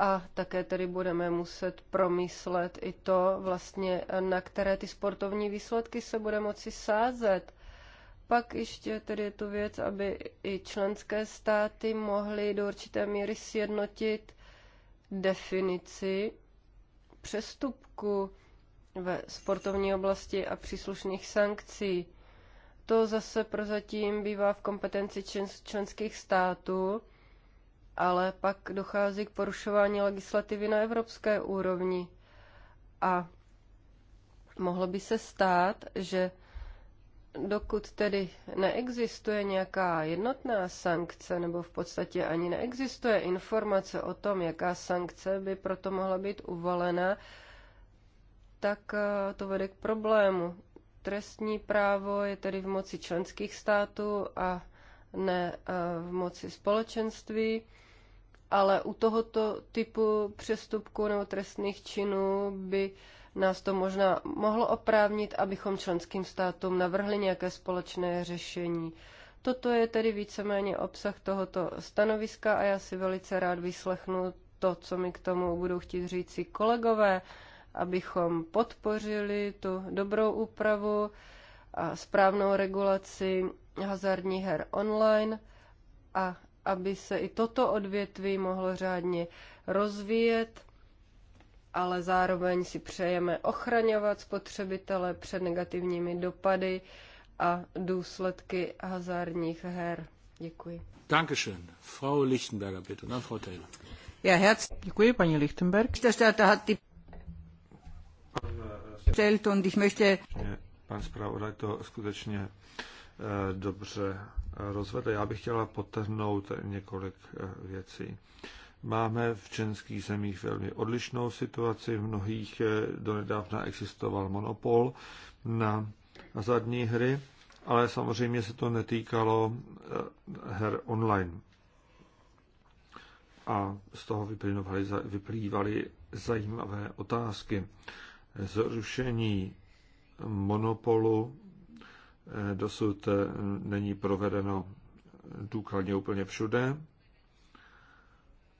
a také tedy budeme muset promyslet i to, vlastně, na které ty sportovní výsledky se bude moci sázet. Pak ještě tedy je tu věc, aby i členské státy mohly do určité míry sjednotit definici přestupku ve sportovní oblasti a příslušných sankcí. To zase prozatím bývá v kompetenci členských států ale pak dochází k porušování legislativy na evropské úrovni. A mohlo by se stát, že dokud tedy neexistuje nějaká jednotná sankce, nebo v podstatě ani neexistuje informace o tom, jaká sankce by proto mohla být uvalena, tak eh, to vede k problému. Trestní právo je tedy v moci členských států a ne eh, v moci společenství ale u tohoto typu přestupků nebo trestných činů by nás to možná mohlo oprávnit, abychom členským státům navrhli nějaké společné řešení. Toto je tedy víceméně obsah tohoto stanoviska a já si velice rád vyslechnu to, co mi k tomu budou chtít říci kolegové, abychom podpořili tu dobrou úpravu a správnou regulaci hazardních her online a aby se i toto odvětví mohlo řádně rozvíjet, ale zároveň si přejeme ochraňovat spotřebitele před negativními dopady a důsledky hazardních her. Děkuji. Dankeschön. Frau Lichtenberger, bitte. Na, Frau Taylor. Ja, herz. Děkuji, paní Lichtenberg. Pan zpravodaj to skutečně eh, dobře rozvedl. Já bych chtěla potrhnout několik eh, věcí. Máme v českých zemích velmi odlišnou situaci. V mnohých eh, donedávna existoval monopol na zadní hry, ale samozřejmě se to netýkalo eh, her online. A z toho vyplývaly zajímavé otázky. Zrušení monopolu Eh, dosud eh, není provedeno důkladně úplně všude.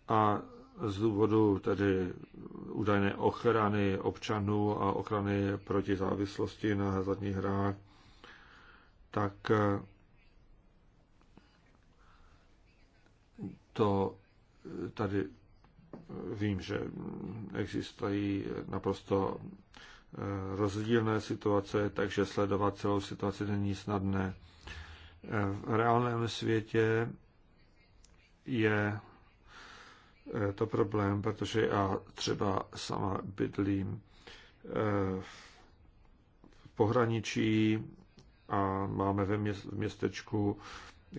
A z důvodu tedy údajné ochrany občanů a ochrany proti závislosti na hazardních hrách, tak eh, to tady vím, že existují naprosto Eh, rozdílné situace, takže sledovat celou situaci není snadné. Eh, v reálném světě je eh, to problém, protože já třeba sama bydlím v pohraničí a máme ve městečku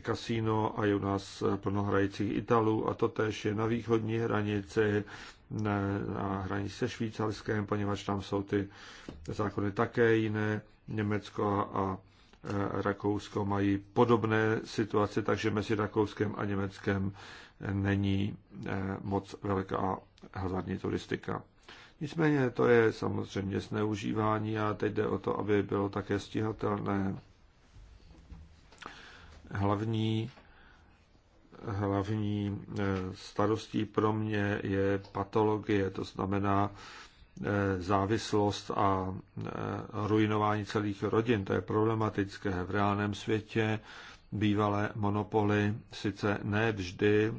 kasíno a je u nás plno hrajících Italů a to tež je na východní hranici, na hranici se Švýcarskem, poněvadž tam jsou ty zákony také jiné. Německo a e, Rakousko mají podobné situace, takže mezi Rakouskem a Německem není e, moc velká hazardní turistika. Nicméně to je samozřejmě zneužívání a teď jde o to, aby bylo také stíhatelné. Hlavní hlavní eh, starostí pro mě je patologie, to znamená eh, závislost a eh, ruinování celých rodin. To je problematické. V reálném světě bývalé monopoly sice ne vždy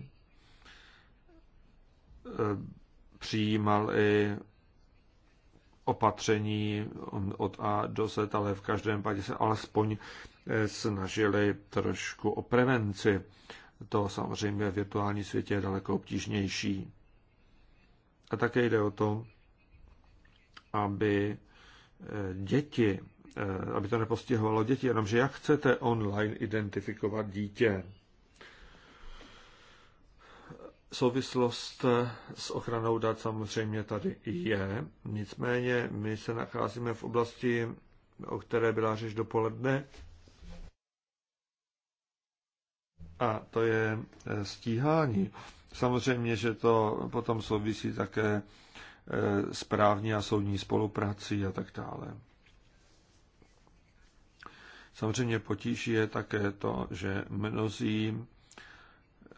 přijímaly opatření od A do Z, ale v každém případě se alespoň snažili trošku o prevenci. To samozřejmě v virtuální světě je daleko obtížnější. A také jde o to, aby eh, děti, eh, aby to nepostihovalo děti, jenomže jak chcete online identifikovat dítě? Souvislost eh, s ochranou dat samozřejmě tady je, nicméně my se nacházíme v oblasti, o které byla řeč dopoledne, a to je e, stíhání. Samozřejmě, že to potom souvisí také e, s právní a soudní spoluprací a tak dále. Samozřejmě potíž je také to, že mnozí,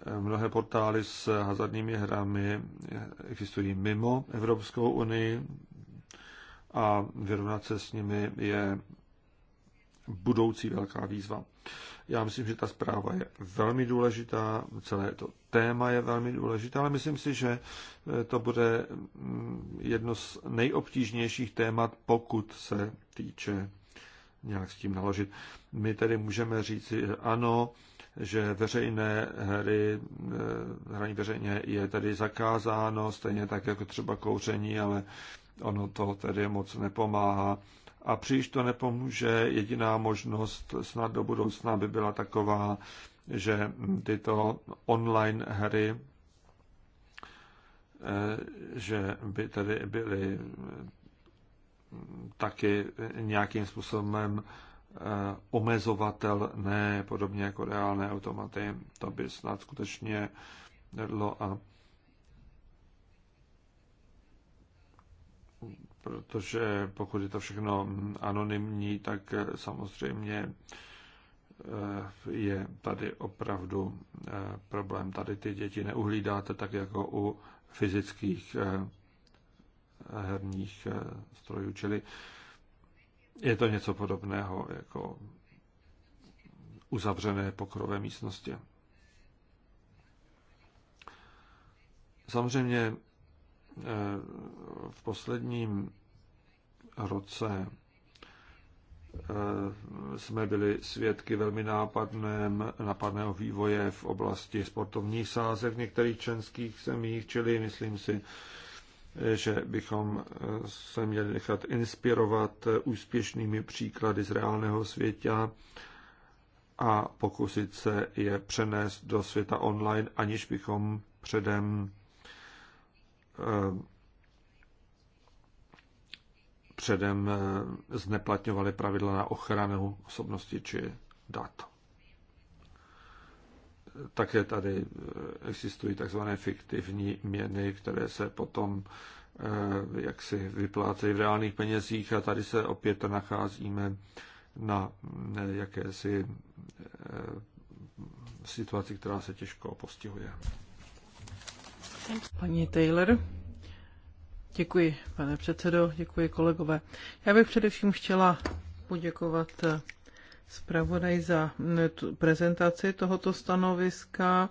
e, mnohé portály s hazardními hrami existují mimo Evropskou unii a vyrovnat se s nimi je budoucí velká výzva. Já myslím, že ta zpráva je velmi důležitá, celé to téma je velmi důležité, ale myslím si, že eh, to bude mm, jedno z nejobtížnějších témat, pokud se týče nějak s tím naložit. My tedy můžeme říct ano, že veřejné hry, eh, hraní veřejně je tady zakázáno, stejně tak jako třeba kouření, ale ono to tedy moc nepomáhá a příliš to nepomůže. Jediná možnost snad do budoucna by byla taková, že tyto online hry eh, že by tedy byly mm, taky nějakým způsobem eh, omezovatelné, podobně jako reálné automaty. To by snad skutečně vedlo a protože pokud je to všechno anonymní, tak eh, samozřejmě eh, je tady opravdu eh, problém. Tady ty děti neuhlídáte tak jako u fyzických herních strojů, čili je to něco podobného jako uzavřené pokrové místnosti. Samozřejmě v posledním roce eh, jsme byli svědky velmi nápadném, nápadného vývoje v oblasti sportovních sázek v některých členských zemích, čili myslím si, že bychom eh, se měli nechat inspirovat eh, úspěšnými příklady z reálného světa a pokusit se je přenést do světa online, aniž bychom předem Eh, předem eh, zneplatňovali pravidla na ochranu osobnosti či dat. Také tady eh, existují takzvané fiktivní měny, které se potom jak si vyplácejí v reálných penězích a tady se opět nacházíme na jakési situaci, která se těžko postihuje. Paní Taylor. Děkuji, pane předsedo, děkuji kolegové. Já bych především chtěla poděkovat eh, zpravodaj za mm, prezentaci tohoto stanoviska.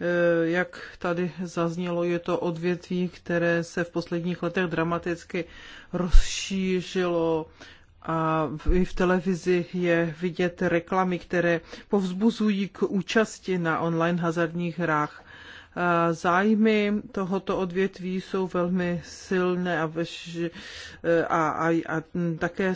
Eh, jak tady zaznělo, je to odvětví, které se v posledních letech dramaticky rozšířilo a i v televizi je vidět reklamy, které povzbuzují k účasti na online hazardních hrách zájmy tohoto odvětví jsou velmi silné a, veš, a, a, a také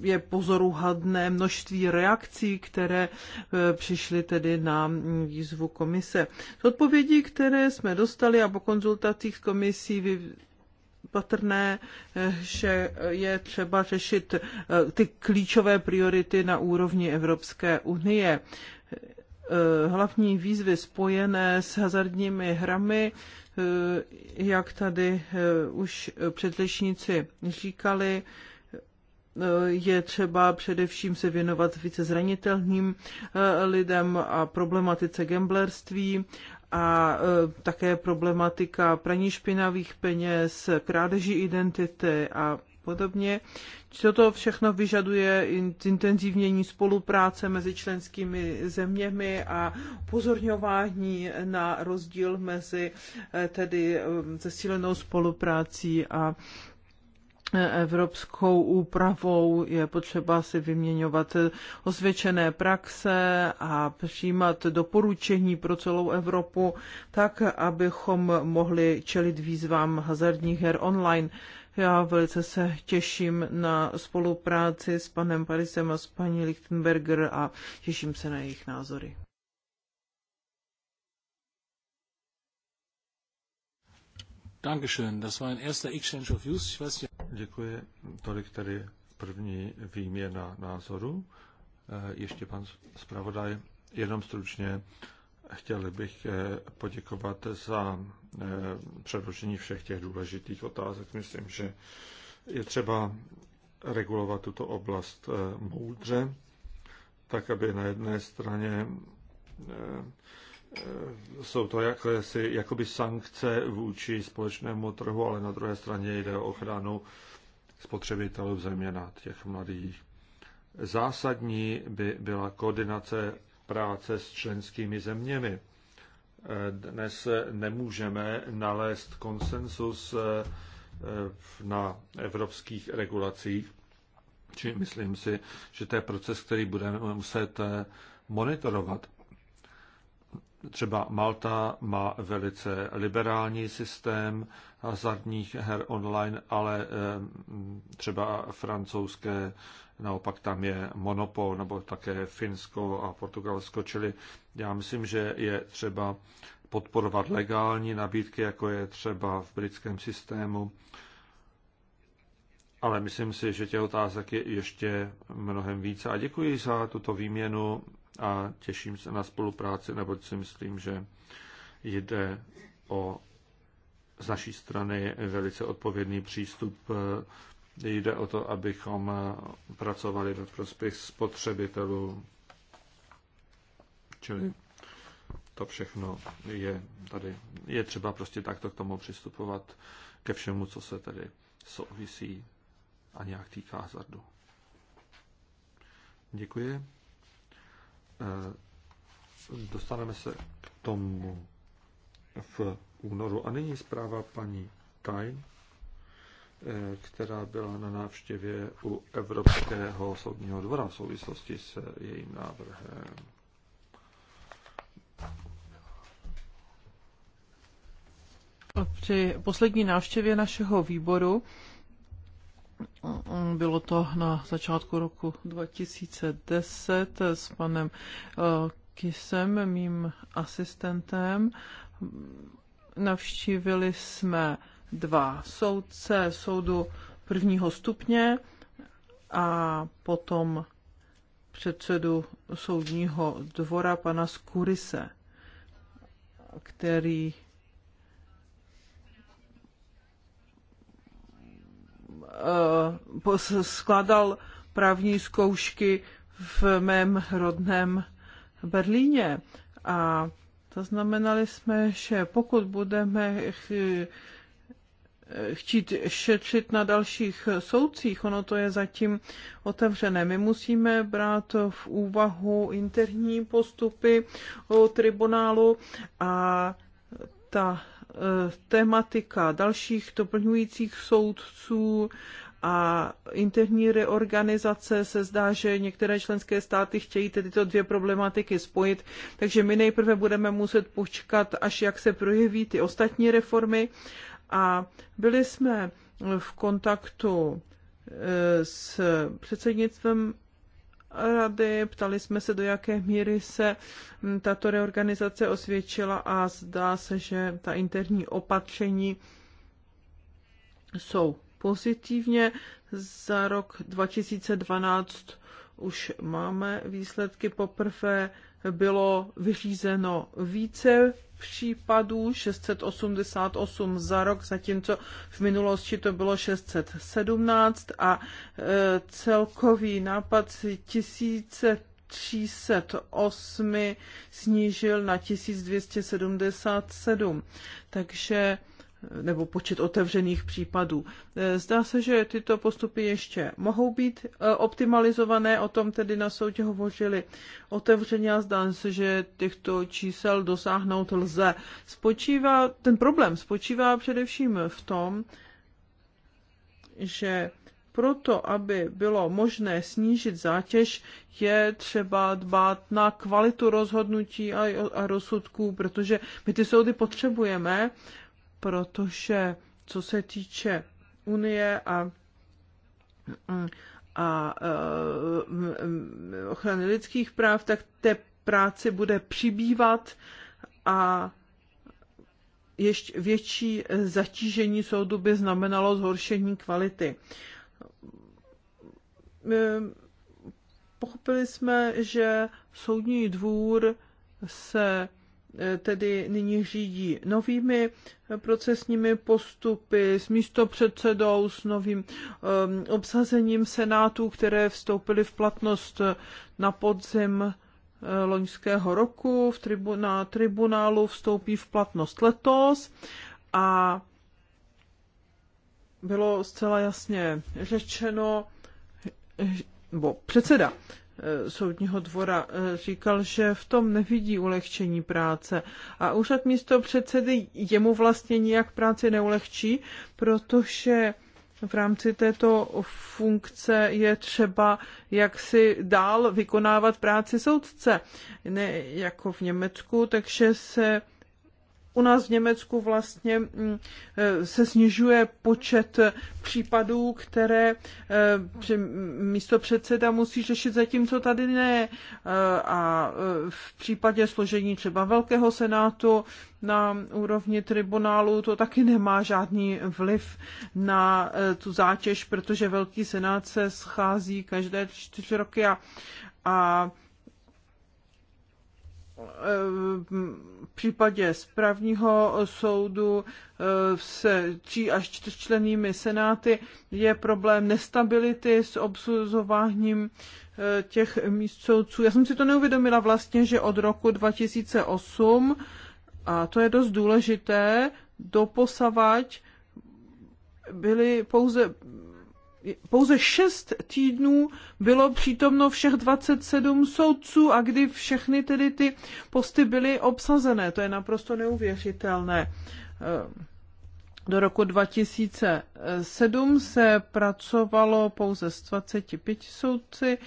je pozoruhadné množství reakcí, které e, přišly tedy na výzvu komise. Z odpovědí, které jsme dostali a po konzultacích s komisí vy patrné, e, že je třeba řešit e, ty klíčové priority na úrovni Evropské unie. Eh, hlavní výzvy spojené s hazardními hrami, eh, jak tady eh, už předřečníci říkali, je třeba především se věnovat více zranitelným lidem a problematice gamblerství a také problematika praní špinavých peněz, krádeží identity a podobně. co to všechno vyžaduje intenzivnění spolupráce mezi členskými zeměmi a pozorňování na rozdíl mezi eh, tedy zesílenou eh, spoluprácí a eh, evropskou úpravou je potřeba si vyměňovat osvědčené praxe a přijímat doporučení pro celou Evropu tak, abychom mohli čelit výzvám hazardních her online. Já velice se těším na spolupráci s panem Parisem a s paní Lichtenberger a těším se na jejich názory. Dankeschön. Das war ein erster Exchange of Views. Ich weiß Děkuji. Tolik tady první výměna názoru. Eh, ještě pan zpravodaj, jenom stručně Chtěl bych eh, poděkovat za eh, předložení všech těch důležitých otázek. Myslím, že je třeba regulovat tuto oblast eh, moudře, tak aby na jedné straně jsou to jakési jakoby sankce vůči společnému trhu, ale na druhé straně jde o ochranu spotřebitelů, zejména těch mladých. Zásadní by byla koordinace práce s členskými zeměmi. Dnes nemůžeme nalézt konsensus eh, na evropských regulacích, či myslím si, že to je proces, který budeme muset eh, monitorovat. Třeba Malta má velice liberální systém hazardních her online, ale eh, třeba francouzské, naopak tam je monopol, nebo také Finsko a Portugalsko, čili já myslím, že je třeba podporovat legální nabídky, jako je třeba v britském systému. Ale myslím si, že těch otázek je ještě mnohem více. A děkuji za tuto výměnu a těším se na spolupráci, neboť si myslím, že jde o z naší strany velice odpovědný přístup. Jde o to, abychom pracovali ve prospěch spotřebitelů. Čili to všechno je tady. Je třeba prostě takto k tomu přistupovat ke všemu, co se tady souvisí a nějak týká hazardu. Děkuji. Eh, dostaneme se k tomu v únoru. A nyní zpráva paní Tain, eh, která byla na návštěvě u Evropského soudního dvora v souvislosti s jejím návrhem. Při poslední návštěvě našeho výboru bylo to na začátku roku 2010 s panem eh, Kisem, mým asistentem. Navštívili jsme dva soudce soudu prvního stupně a potom předsedu soudního dvora pana Skurise, který Eh, skládal právní zkoušky v mém rodném Berlíně. A zaznamenali jsme, že pokud budeme chtít šetřit na dalších soudcích, ono to je zatím otevřené. My musíme brát v úvahu interní postupy o tribunálu a ta Eh, tematika dalších doplňujících soudců a interní reorganizace se zdá, že některé členské státy chtějí tyto dvě problematiky spojit, takže my nejprve budeme muset počkat, až jak se projeví ty ostatní reformy. A byli jsme v kontaktu eh, s předsednictvem rady, ptali jsme se, do jaké míry se hm, tato reorganizace osvědčila a zdá se, že ta interní opatření jsou pozitivně. Za rok 2012 už máme výsledky poprvé bylo vyřízeno více případů, 688 za rok, zatímco v minulosti to bylo 617 a e, celkový nápad 1308 snížil na 1277. Takže nebo počet otevřených případů. E, zdá se, že tyto postupy ještě mohou být e, optimalizované, o tom tedy na soudě hovořili otevřeně a zdá se, že těchto čísel dosáhnout lze. Spočívá, ten problém spočívá především v tom, že proto, aby bylo možné snížit zátěž, je třeba dbát na kvalitu rozhodnutí a, rozsudků, protože my ty soudy potřebujeme protože co se týče Unie a, a e, ochrany lidských práv, tak té práce bude přibývat a ještě větší zatížení soudu by znamenalo zhoršení kvality. E, pochopili jsme, že soudní dvůr se Eh, tedy nyní řídí novými eh, procesními postupy, s místopředsedou, s novým um, obsazením senátů, které vstoupily v platnost na podzim loňského roku, v tribu, na tribunálu vstoupí v platnost letos a bylo zcela jasně řečeno, nebo předseda Eh, soudního dvora eh, říkal, že v tom nevidí ulehčení práce. A úřad místo předsedy jemu vlastně nijak práci neulehčí, protože v rámci této funkce je třeba jak si dál vykonávat práci soudce, ne jako v Německu, takže se u nás v Německu vlastně mm, eh, se snižuje počet eh, případů, které eh, místo předseda musí řešit, zatímco tady ne. A v případě složení třeba Velkého senátu na úrovni tribunálu to taky nemá žádný vliv na tu zátěž, protože Velký senát se schází každé čtyři roky a, a v případě správního soudu eh, se tří až čtyřčlenými senáty je problém nestability s obsuzováním eh, těch míst soudců. Já jsem si to neuvědomila vlastně, že od roku 2008, a to je dost důležité, doposavať byly pouze pouze 6 týdnů bylo přítomno všech 27 soudců a kdy všechny tedy ty posty byly obsazené. To je naprosto neuvěřitelné. Do roku 2007 se pracovalo pouze s 25 soudci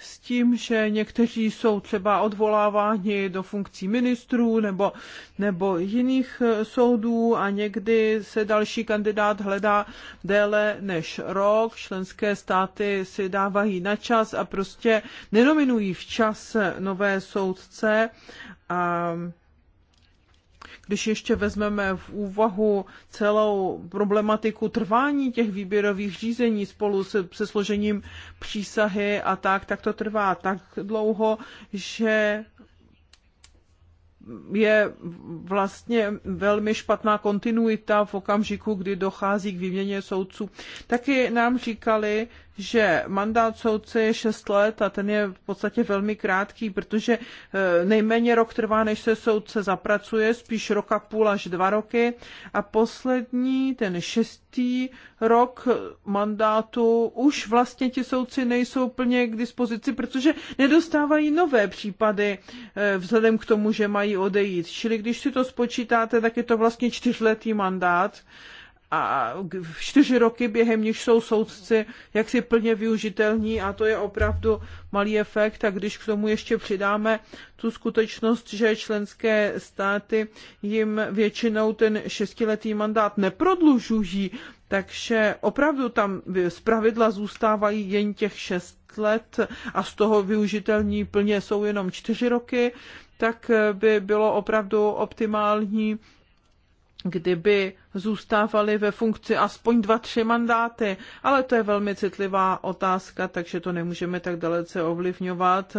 s tím, že někteří jsou třeba odvoláváni do funkcí ministrů nebo, nebo jiných eh, soudů a někdy se další kandidát hledá déle než rok. Členské státy si dávají na čas a prostě nenominují včas nové soudce. A když ještě vezmeme v úvahu celou problematiku trvání těch výběrových řízení spolu se, se složením přísahy a tak, tak to trvá tak dlouho, že je vlastně velmi špatná kontinuita v okamžiku, kdy dochází k výměně soudců. Taky nám říkali, že mandát soudce je 6 let a ten je v podstatě velmi krátký, protože eh, nejméně rok trvá, než se soudce zapracuje, spíš roka půl až dva roky. A poslední, ten šestý rok mandátu, už vlastně ti soudci nejsou plně k dispozici, protože nedostávají nové případy eh, vzhledem k tomu, že mají odejít. Čili když si to spočítáte, tak je to vlastně čtyřletý mandát a čtyři roky během nich jsou soudci jaksi plně využitelní a to je opravdu malý efekt a když k tomu ještě přidáme tu skutečnost, že členské státy jim většinou ten šestiletý mandát neprodlužují, takže opravdu tam z pravidla zůstávají jen těch šest let a z toho využitelní plně jsou jenom čtyři roky, tak by bylo opravdu optimální, kdyby zůstávali ve funkci aspoň dva, tři mandáty. Ale to je velmi citlivá otázka, takže to nemůžeme tak dalece ovlivňovat.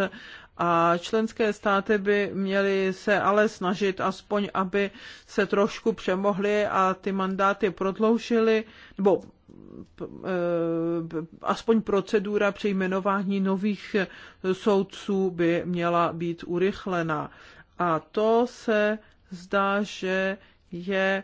A členské státy by měly se ale snažit aspoň, aby se trošku přemohly a ty mandáty prodloužily, nebo Eh, aspoň procedura přejmenování nových soudců by měla být urychlena. A to se zdá, že je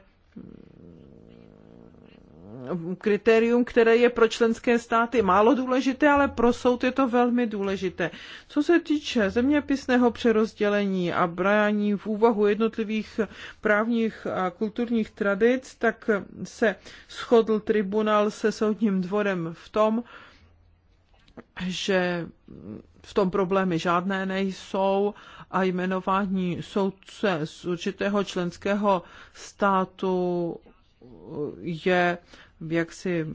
kritérium, které je pro členské státy málo důležité, ale pro soud je to velmi důležité. Co se týče zeměpisného přerozdělení a brání v úvahu jednotlivých právních a kulturních tradic, tak se shodl tribunál se soudním dvorem v tom, že v tom problémy žádné nejsou a jmenování soudce z určitého členského státu je jaksi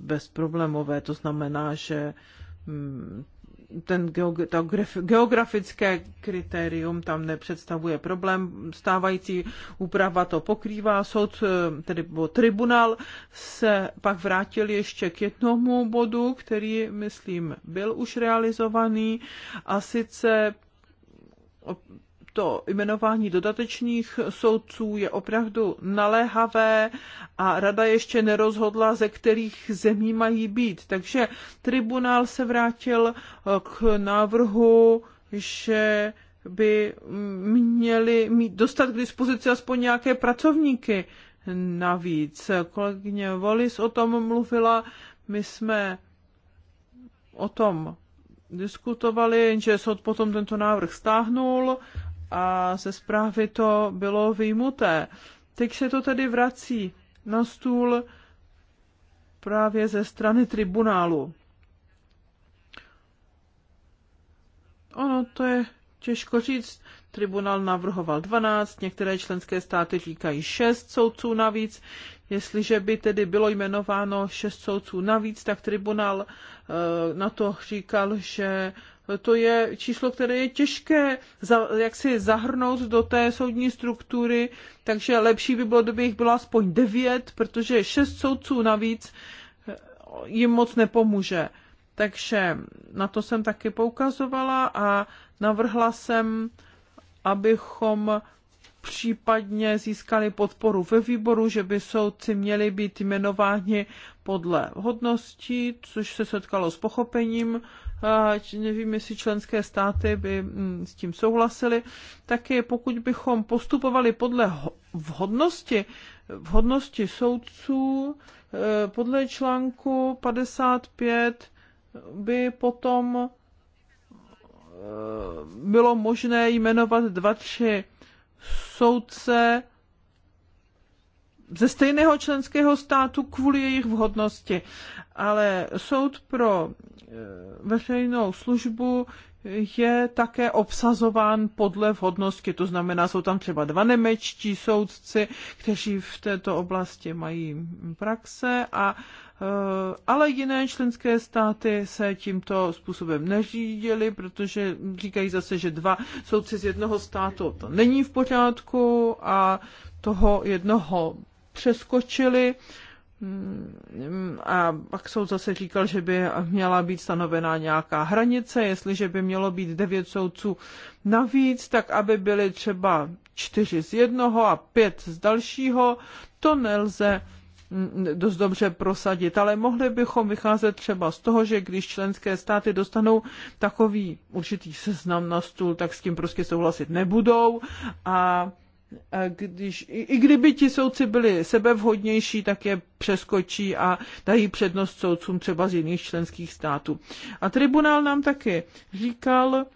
bezproblémové. To znamená, že mm, ten geografické kritérium tam nepředstavuje problém. Stávající úprava to pokrývá. Soud, eh, tedy tribunál, se pak vrátil ještě k jednomu bodu, který, myslím, byl už realizovaný, a sice to jmenování dodatečných soudců je opravdu naléhavé a rada ještě nerozhodla, ze kterých zemí mají být. Takže tribunál se vrátil eh, k návrhu, že by měli mít, dostat k dispozici aspoň nějaké pracovníky navíc. Kolegyně Volis o tom mluvila, my jsme o tom diskutovali, že soud potom tento návrh stáhnul a ze zprávy to bylo vyjmuté. Teď se to tedy vrací na stůl právě ze strany tribunálu. Ono to je těžko říct. Tribunál navrhoval 12, některé členské státy říkají 6 soudců navíc. Jestliže by tedy bylo jmenováno 6 soudců navíc, tak tribunál eh, na to říkal, že to je číslo, které je těžké za, jak si zahrnout do té soudní struktury, takže lepší by bylo, kdyby jich bylo aspoň devět, protože šest soudců navíc eh, jim moc nepomůže. Takže na to jsem taky poukazovala a navrhla jsem, abychom případně získali podporu ve výboru, že by soudci měli být jmenováni podle hodností, což se setkalo s pochopením nevím, jestli členské státy by mm, s tím souhlasily, taky pokud bychom postupovali podle vhodnosti, vhodnosti soudců, eh, podle článku 55 by potom eh, bylo možné jmenovat dva, tři soudce ze stejného členského státu kvůli jejich vhodnosti. Ale soud pro e, veřejnou službu je také obsazován podle vhodnosti. To znamená, jsou tam třeba dva nemečtí soudci, kteří v této oblasti mají praxe, a, e, ale jiné členské státy se tímto způsobem neřídily, protože říkají zase, že dva soudci z jednoho státu to není v pořádku a toho jednoho přeskočili mm, a pak soud zase říkal, že by měla být stanovená nějaká hranice, jestliže by mělo být devět soudců navíc, tak aby byly třeba čtyři z jednoho a pět z dalšího, to nelze mm, dost dobře prosadit, ale mohli bychom vycházet třeba z toho, že když členské státy dostanou takový určitý seznam na stůl, tak s tím prostě souhlasit nebudou a když, i kdyby ti soudci byli sebevhodnější, tak je přeskočí a dají přednost soudcům třeba z jiných členských států. A tribunál nám taky říkal,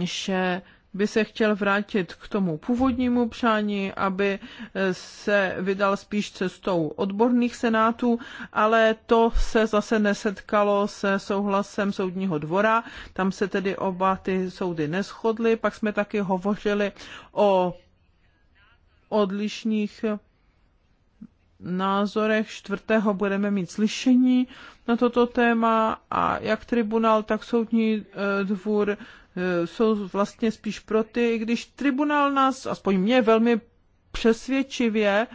že by se chtěl vrátit k tomu původnímu přání, aby eh, se vydal spíš cestou odborných senátů, ale to se zase nesetkalo se souhlasem soudního dvora. Tam se tedy oba ty soudy neschodly. Pak jsme taky hovořili o odlišných názorech. Čtvrtého budeme mít slyšení na toto téma a jak tribunál, tak soudní eh, dvůr eh, jsou vlastně spíš pro ty, i když tribunál nás, aspoň mě, velmi přesvědčivě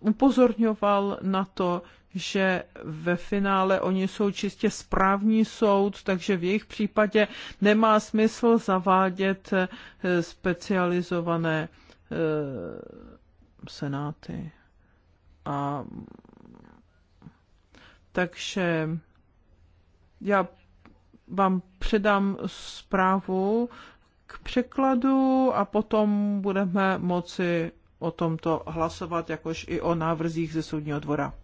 upozorňoval na to, že ve finále oni jsou čistě správní soud, takže v jejich případě nemá smysl zavádět eh, specializované Eh, senáty. A takže já vám předám zprávu k překladu a potom budeme moci o tomto hlasovat, jakož i o návrzích ze soudního dvora.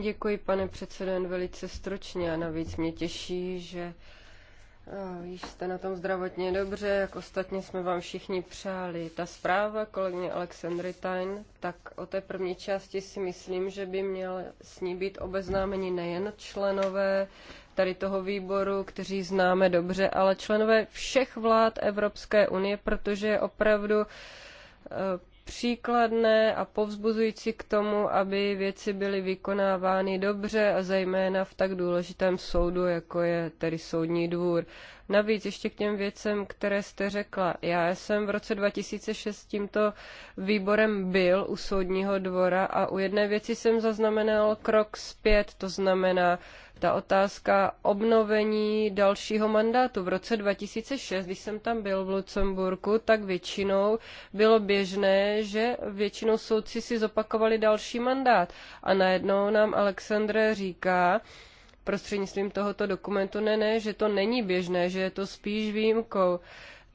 Děkuji, pane předsedo, jen velice stručně a navíc mě těší, že Eh, již jste na tom zdravotně dobře, jak ostatně jsme vám všichni přáli. Ta zpráva kolegyně Alexandry Tain, tak o té první části si myslím, že by měl s ní být obeznámeni nejen členové tady toho výboru, kteří známe dobře, ale členové všech vlád Evropské unie, protože je opravdu eh, příkladné a povzbuzující k tomu, aby věci byly vykonávány dobře a zejména v tak důležitém soudu, jako je tedy soudní dvůr. Navíc ještě k těm věcem, které jste řekla. Já jsem v roce 2006 tímto výborem byl u soudního dvora a u jedné věci jsem zaznamenal krok zpět, to znamená ta otázka obnovení dalšího mandátu. V roce 2006, když jsem tam byl v Lucemburku, tak většinou bylo běžné, že většinou soudci si zopakovali další mandát. A najednou nám Alexandre říká, prostřednictvím tohoto dokumentu. Ne, ne, že to není běžné, že je to spíš výjimkou.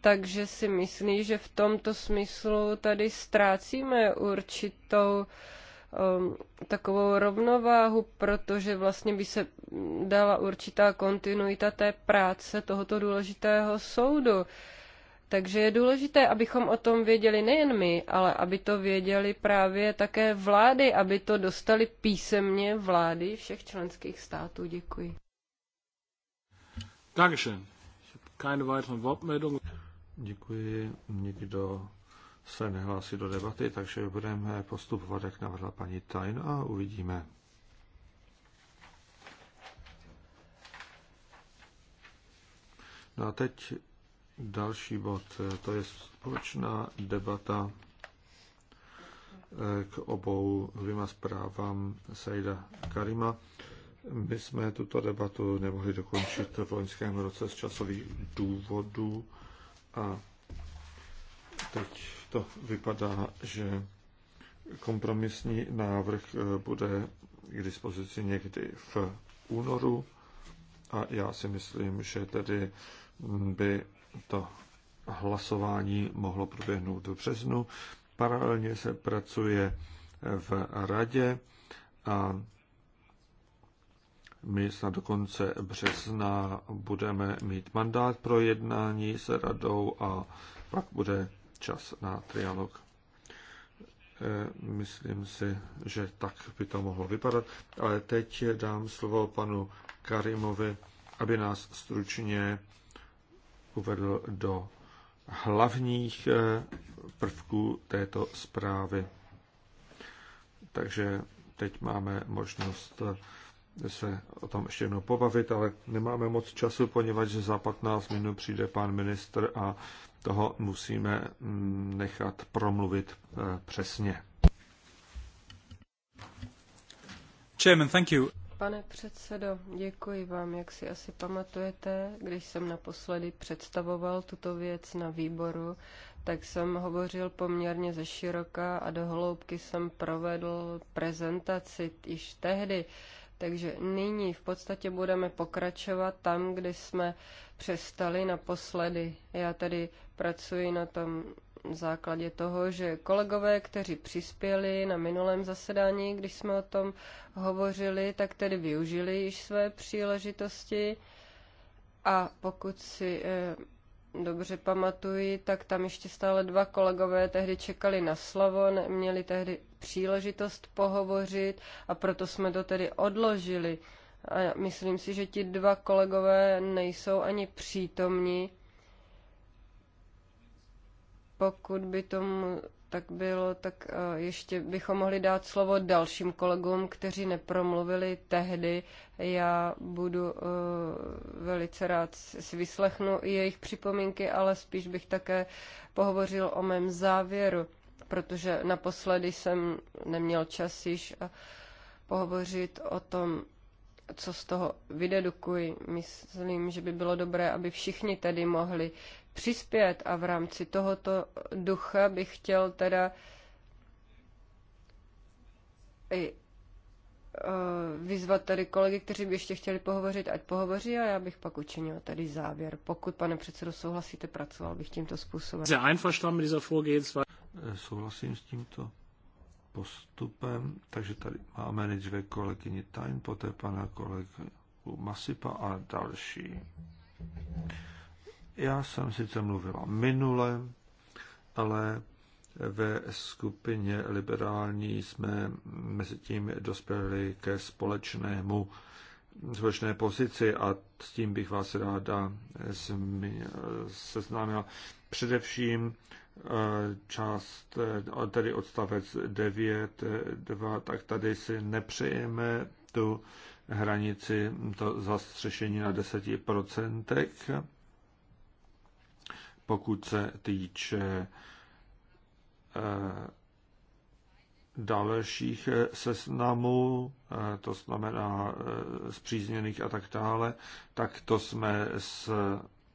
Takže si myslí, že v tomto smyslu tady ztrácíme určitou um, takovou rovnováhu, protože vlastně by se dala určitá kontinuita té práce tohoto důležitého soudu. Uh, takže je důležité, abychom o tom věděli nejen my, ale aby to věděli právě také vlády, aby to dostali písemně vlády všech členských států. Děkuji. Dankeschön. Keine weiteren Wortmeldungen. Děkuji. Nikdo se nehlásí do debaty, takže budeme postupovat, jak navrhla paní Tajn a uvidíme. No a teď Další bod, eh, to je společná debata eh, k obou dvěma zprávám Sejda Karima. My jsme tuto debatu nemohli dokončit v loňském roce z časových důvodů a teď to vypadá, že kompromisní návrh eh, bude k dispozici někdy v únoru a já si myslím, že tedy by to hlasování mohlo proběhnout v březnu. Paralelně se pracuje v radě a my snad do konce března budeme mít mandát pro jednání se radou a pak bude čas na trialog. E, myslím si, že tak by to mohlo vypadat, ale teď dám slovo panu Karimovi, aby nás stručně uvedl do hlavních eh, prvků této zprávy. Takže teď máme možnost eh, se o tom ještě jednou pobavit, ale nemáme moc času, poněvadž za 15 minut přijde pan ministr a toho musíme mm, nechat promluvit eh, přesně. Chairman, thank you. Pane předsedo, děkuji vám. Jak si asi pamatujete, když jsem naposledy představoval tuto věc na výboru, tak jsem hovořil poměrně ze široka a do hloubky jsem provedl prezentaci již tehdy. Takže nyní v podstatě budeme pokračovat tam, kde jsme přestali naposledy. Já tady pracuji na tom základě toho, že kolegové, kteří přispěli na minulém zasedání, když jsme o tom hovořili, tak tedy využili již své příležitosti. A pokud si eh, dobře pamatuji, tak tam ještě stále dva kolegové tehdy čekali na slovo, měli tehdy příležitost pohovořit a proto jsme to tedy odložili. A myslím si, že ti dva kolegové nejsou ani přítomní, pokud by tomu tak bylo, tak eh, ještě bychom mohli dát slovo dalším kolegům, kteří nepromluvili tehdy. Já budu eh, velice rád si vyslechnu i jejich připomínky, ale spíš bych také pohovořil o mém závěru, protože naposledy jsem neměl čas již eh, pohovořit o tom, co z toho vydedukuji. Myslím, že by bylo dobré, aby všichni tedy mohli přispět a v rámci tohoto ducha bych chtěl teda i e, vyzvat tady kolegy, kteří by ještě chtěli pohovořit, ať pohovoří a já bych pak učinil tady závěr. Pokud, pane předsedo, souhlasíte, pracoval bych tímto způsobem. E, souhlasím s tímto postupem, takže tady máme nejdříve kolegyni Tajn, poté pana kolegu Masipa a další. Já jsem sice mluvila minule, ale ve skupině liberální jsme mezi tím dospěli ke společnému společné pozici a s tím bych vás ráda seznámila. Především eh, část, eh, tedy odstavec 9, 2, tak tady si nepřejeme tu hranici, to zastřešení na 10% pokud se týče eh, dalších eh, seznamů, eh, to znamená zpřízněných a tak dále, tak to jsme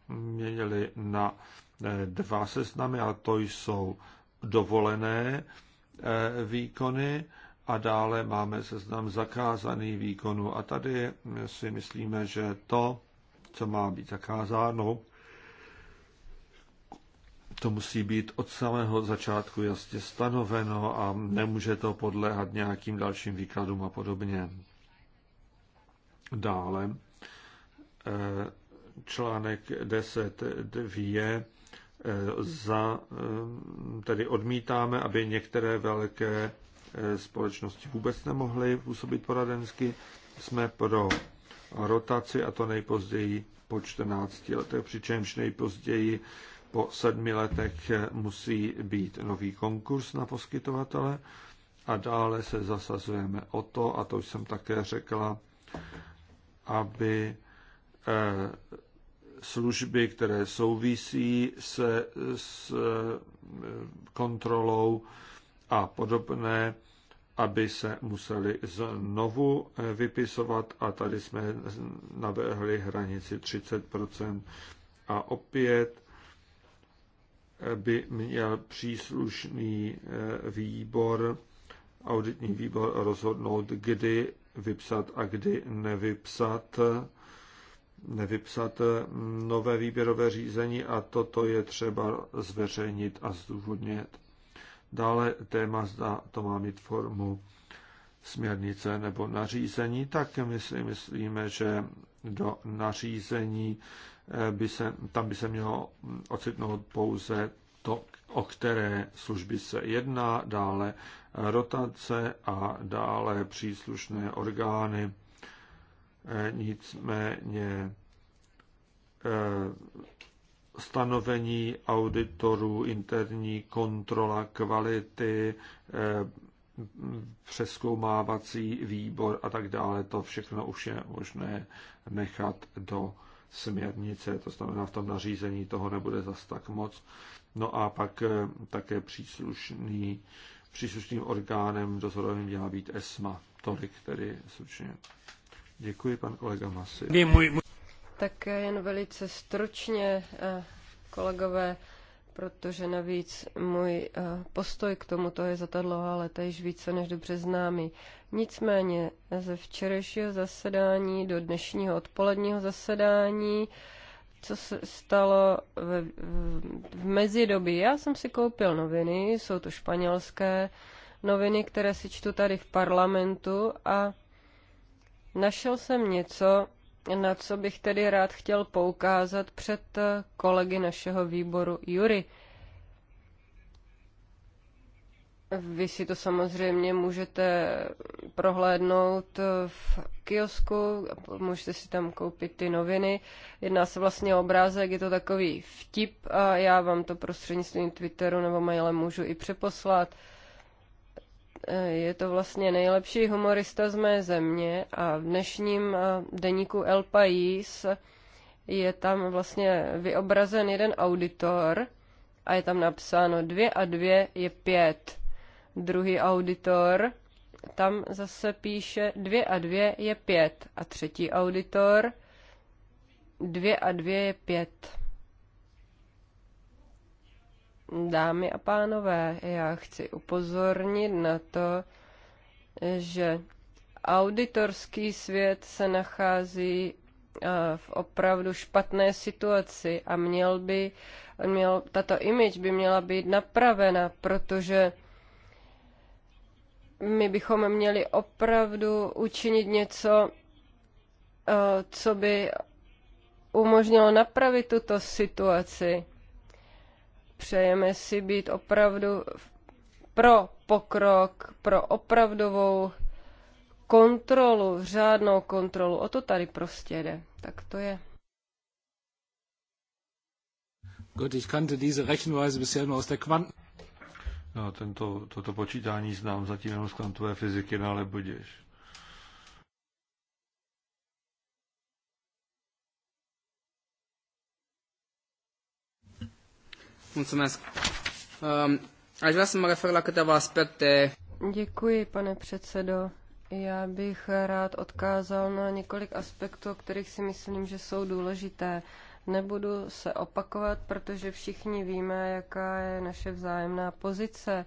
změnili na dva seznamy a to jsou dovolené výkony a dále máme seznam zakázaný výkonu. a tady si myslíme, že to, co má být zakázáno, to musí být od samého začátku jasně stanoveno a nemůže to podléhat nějakým dalším výkladům a podobně. Dále eh, článek je eh, za, eh, tedy odmítáme, aby některé velké společnosti vůbec nemohly působit poradensky. Jsme pro rotaci a to nejpozději po 14 letech, přičemž nejpozději po sedmi letech musí být nový konkurs na poskytovatele a dále se zasazujeme o to, a to už jsem také řekla, aby eh, služby, které souvisí se s eh, kontrolou a podobné, aby se museli znovu eh, vypisovat a tady jsme navrhli hranici 30 a opět by měl příslušný eh, výbor, auditní výbor rozhodnout, kdy vypsat a kdy nevypsat nevypsat eh, nové výběrové řízení a toto je třeba zveřejnit a zdůvodnit. Dále téma, zda to má mít formu směrnice nebo nařízení, tak my si myslíme, že do nařízení by se, tam by se mělo ocitnout pouze to, o které služby se jedná, dále rotace a dále příslušné orgány. E, nicméně e, stanovení auditorů, interní kontrola kvality, e, přeskoumávací výbor a tak dále, to všechno už je možné nechat do směrnice, to znamená v tom nařízení toho nebude zas tak moc. No a pak eh, také příslušný, příslušným orgánem dozorovým měla být ESMA. Tolik tedy slučně. Děkuji, pan kolega Masy. Tak jen velice stručně, eh, kolegové, protože navíc můj eh, postoj k tomuto je za ta dlouhá leta již více než dobře známý. Nicméně ze včerejšího zasedání do dnešního odpoledního zasedání, co se stalo v, v mezidobí, já jsem si koupil noviny, jsou to španělské noviny, které si čtu tady v parlamentu a našel jsem něco, na co bych tedy rád chtěl poukázat před kolegy našeho výboru Jury. Vy si to samozřejmě můžete prohlédnout v kiosku, můžete si tam koupit ty noviny. Jedná se vlastně o obrázek, je to takový vtip a já vám to prostřednictvím Twitteru nebo mailem můžu i přeposlat. Je to vlastně nejlepší humorista z mé země a v dnešním eh, deníku El País je tam vlastně vyobrazen jeden auditor a je tam napsáno dvě a dvě je pět druhý auditor, tam zase píše dvě a dvě je pět. A třetí auditor, dvě a dvě je pět. Dámy a pánové, já chci upozornit na to, že auditorský svět se nachází eh, v opravdu špatné situaci a měl by, měl, tato image by měla být napravena, protože my bychom měli opravdu učinit něco, eh, co by umožnilo napravit tuto situaci. Přejeme si být opravdu pro pokrok, pro opravdovou kontrolu, řádnou kontrolu. O to tady prostě jde. Tak to je. Gut, ich kannte diese Rechenweise bisher nur aus der Quanten. No, tento, toto počítání znám zatím jenom z kvantové fyziky, no ale budeš. Mulțumesc. Um, aș vrea să mă refer la câteva aspecte. Děkuji, pane předsedo. Já bych rád odkázal na několik aspektů, o kterých si myslím, že jsou důležité. Nebudu se opakovat, protože všichni víme, jaká je naše vzájemná pozice.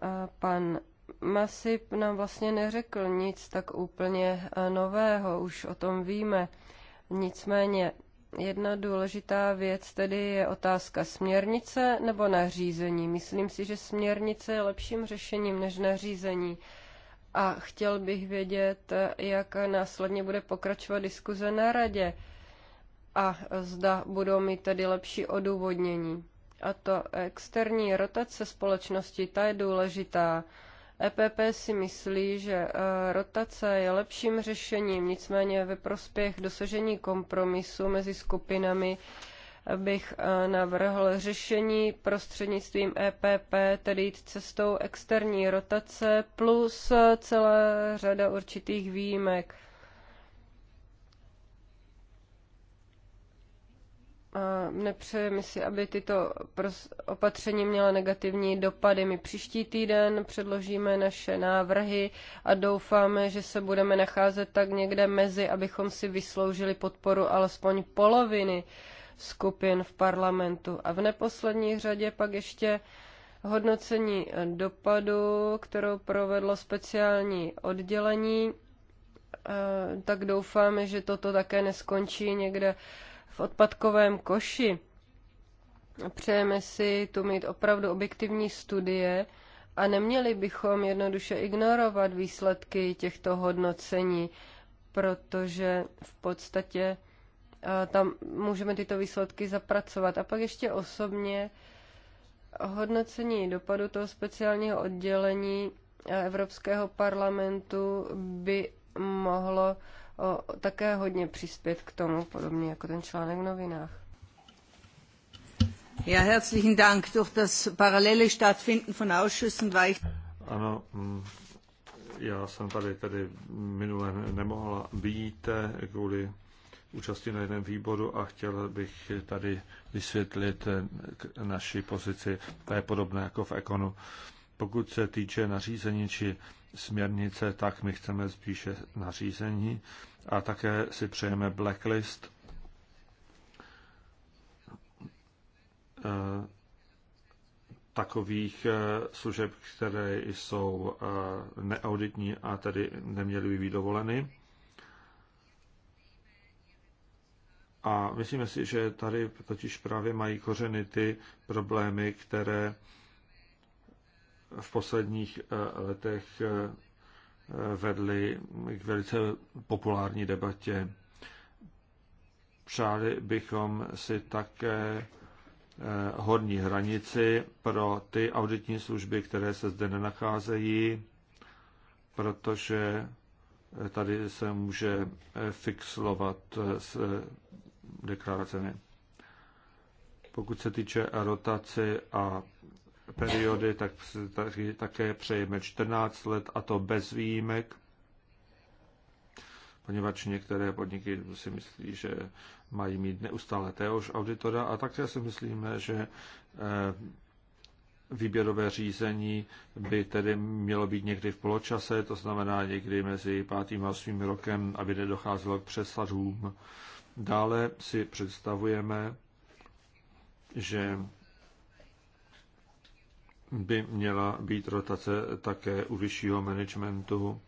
A pan Masip nám vlastně neřekl nic tak úplně nového, už o tom víme. Nicméně jedna důležitá věc tedy je otázka směrnice nebo nařízení. Myslím si, že směrnice je lepším řešením než nařízení. A chtěl bych vědět, jak následně bude pokračovat diskuze na radě a zda budou mít tedy lepší odůvodnění. A to externí rotace společnosti, ta je důležitá. EPP si myslí, že e, rotace je lepším řešením, nicméně ve prospěch dosažení kompromisu mezi skupinami bych e, navrhl řešení prostřednictvím EPP, tedy jít cestou externí rotace plus e, celá řada určitých výjimek. nepřejeme si, aby tyto opatření měla negativní dopady. My příští týden předložíme naše návrhy a doufáme, že se budeme nacházet tak někde mezi, abychom si vysloužili podporu alespoň poloviny skupin v parlamentu. A v neposlední řadě pak ještě hodnocení dopadu, kterou provedlo speciální oddělení. E, tak doufáme, že toto také neskončí někde v odpadkovém koši. Přejeme si tu mít opravdu objektivní studie a neměli bychom jednoduše ignorovat výsledky těchto hodnocení, protože v podstatě tam můžeme tyto výsledky zapracovat. A pak ještě osobně hodnocení dopadu toho speciálního oddělení Evropského parlamentu by mohlo o, také hodně přispět k tomu, podobně jako ten článek v novinách. Ja, herzlichen Dank. Durch das parallele Stattfinden von Ausschüssen war ich... Ano, mm, já jsem tady tedy minule nemohla být eh, kvůli účasti na jednom výboru a chtěl bych tady vysvětlit eh, naši pozici. To je podobné jako v Ekonu. Pokud se týče nařízení či směrnice, tak my chceme spíše nařízení a také si přejeme blacklist. Eh, takových eh, služeb, které jsou eh, neauditní a tedy neměly by být dovoleny. A myslíme si, že tady totiž právě mají kořeny ty problémy, které v posledních eh, letech eh, eh, vedly k velice populární debatě. Přáli bychom si také horní hranici pro ty auditní služby, které se zde nenacházejí, protože tady se může fixlovat s deklaracemi. Pokud se týče rotaci a periody, tak také přejeme 14 let a to bez výjimek, poněvadž některé podniky si myslí, že mají mít neustále téhož auditora a také si myslíme, že eh, výběrové řízení by tedy mělo být někdy v poločase, to znamená někdy mezi pátým a osmým rokem, aby nedocházelo k přesadům. Dále si představujeme, že by měla být rotace také u vyššího managementu,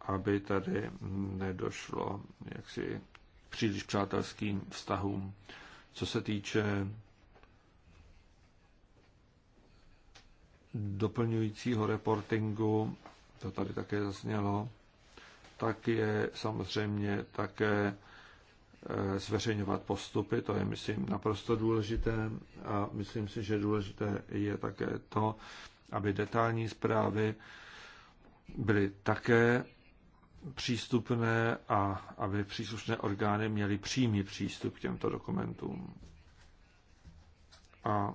aby tady nedošlo jaksi příliš přátelským vztahům. Co se týče doplňujícího reportingu, to tady také zasnělo, tak je samozřejmě také Eh, zveřejňovat postupy, to je, myslím, naprosto důležité a myslím si, že důležité je také to, aby detailní zprávy byly také přístupné a aby příslušné orgány měly přímý přístup k těmto dokumentům. A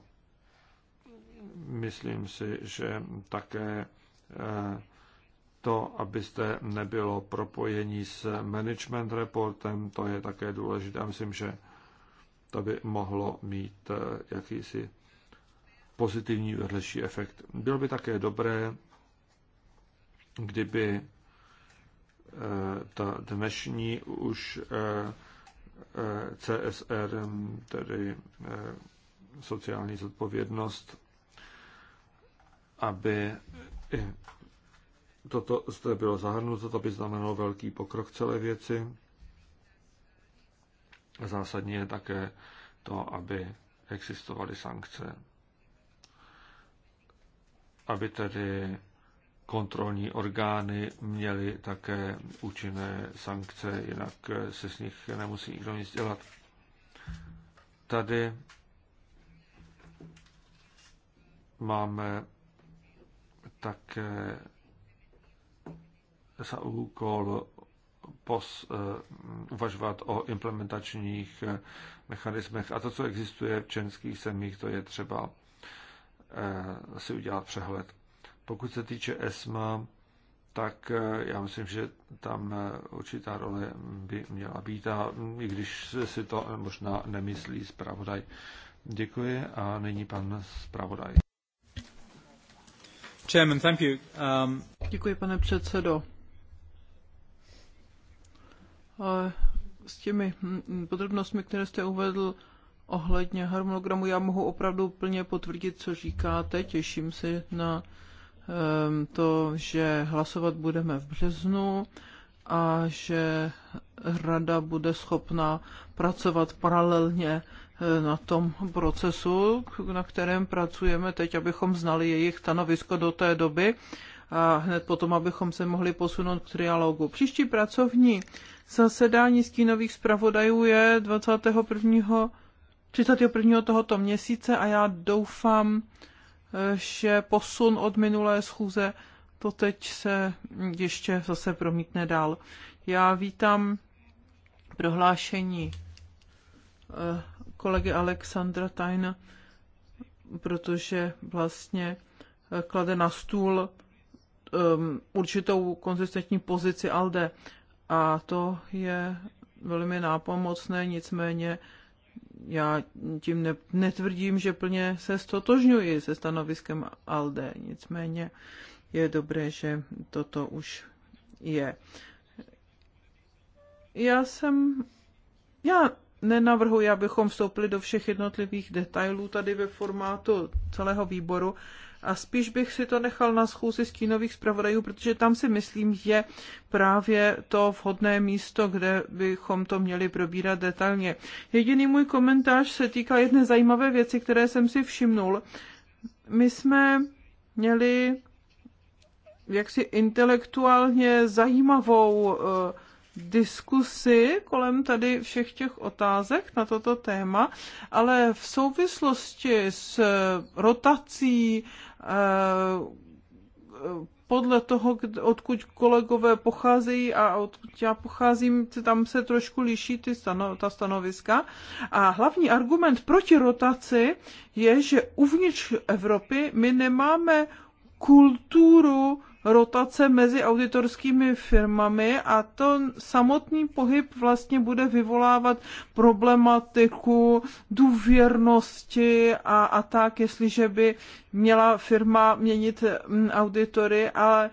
myslím si, že také eh, to, abyste nebylo propojení s management reportem, to je také důležité. Myslím, že to by mohlo mít eh, jakýsi pozitivní vedlejší efekt. Bylo by také dobré, kdyby eh, ta dnešní už eh, CSR, tedy sociální zodpovědnost, aby Toto zde bylo zahrnuto, to by znamenalo velký pokrok celé věci. Zásadně je také to, aby existovaly sankce. Aby tedy kontrolní orgány měly také účinné sankce, jinak se s nich nemusí nikdo nic dělat. Tady máme také za úkol pos, eh, uvažovat o implementačních eh, mechanismech. A to, co existuje v členských zemích, to je třeba eh, si udělat přehled. Pokud se týče ESMA, tak já myslím, že tam určitá role by měla být a i když si to možná nemyslí zpravodaj. Děkuji a nyní pan zpravodaj. Chairman, thank you. Um... Děkuji, pane předsedo. Ale s těmi hm, hm, podrobnostmi, které jste uvedl ohledně harmonogramu, já mohu opravdu plně potvrdit, co říkáte. Těším se na ehm, to, že hlasovat budeme v březnu a že rada bude schopna pracovat paralelně eh, na tom procesu, na kterém pracujeme teď, abychom znali jejich stanovisko do té doby a hned potom, abychom se mohli posunout k trialogu. Příští pracovní zasedání stínových zpravodajů je 21. 31. tohoto měsíce a já doufám, eh, že posun od minulé schůze to teď se hm, ještě zase promítne dál. Já vítám prohlášení eh, kolegy Alexandra Tajna, protože vlastně eh, klade na stůl um, určitou konzistentní pozici ALDE a to je velmi nápomocné, nicméně já tím ne, netvrdím, že plně se stotožňuji se stanoviskem ALDE, nicméně je dobré, že toto už je. Já jsem, já nenavrhuji, abychom vstoupili do všech jednotlivých detailů tady ve formátu celého výboru, a spíš bych si to nechal na schůzi stínových zpravodajů, protože tam si myslím, je právě to vhodné místo, kde bychom to měli probírat detailně. Jediný můj komentář se týká jedné zajímavé věci, které jsem si všimnul. My jsme měli jaksi intelektuálně zajímavou eh, diskusi kolem tady všech těch otázek na toto téma, ale v souvislosti s eh, rotací Eh, podle toho, odkud kolegové pocházejí a odkud já pocházím, tam se trošku liší ty stano, ta stanoviska. A hlavní argument proti rotaci je, že uvnitř Evropy my nemáme kulturu rotace mezi auditorskými firmami a to samotný pohyb vlastně bude vyvolávat problematiku důvěrnosti a, a tak, jestliže by měla firma měnit mm, auditory, ale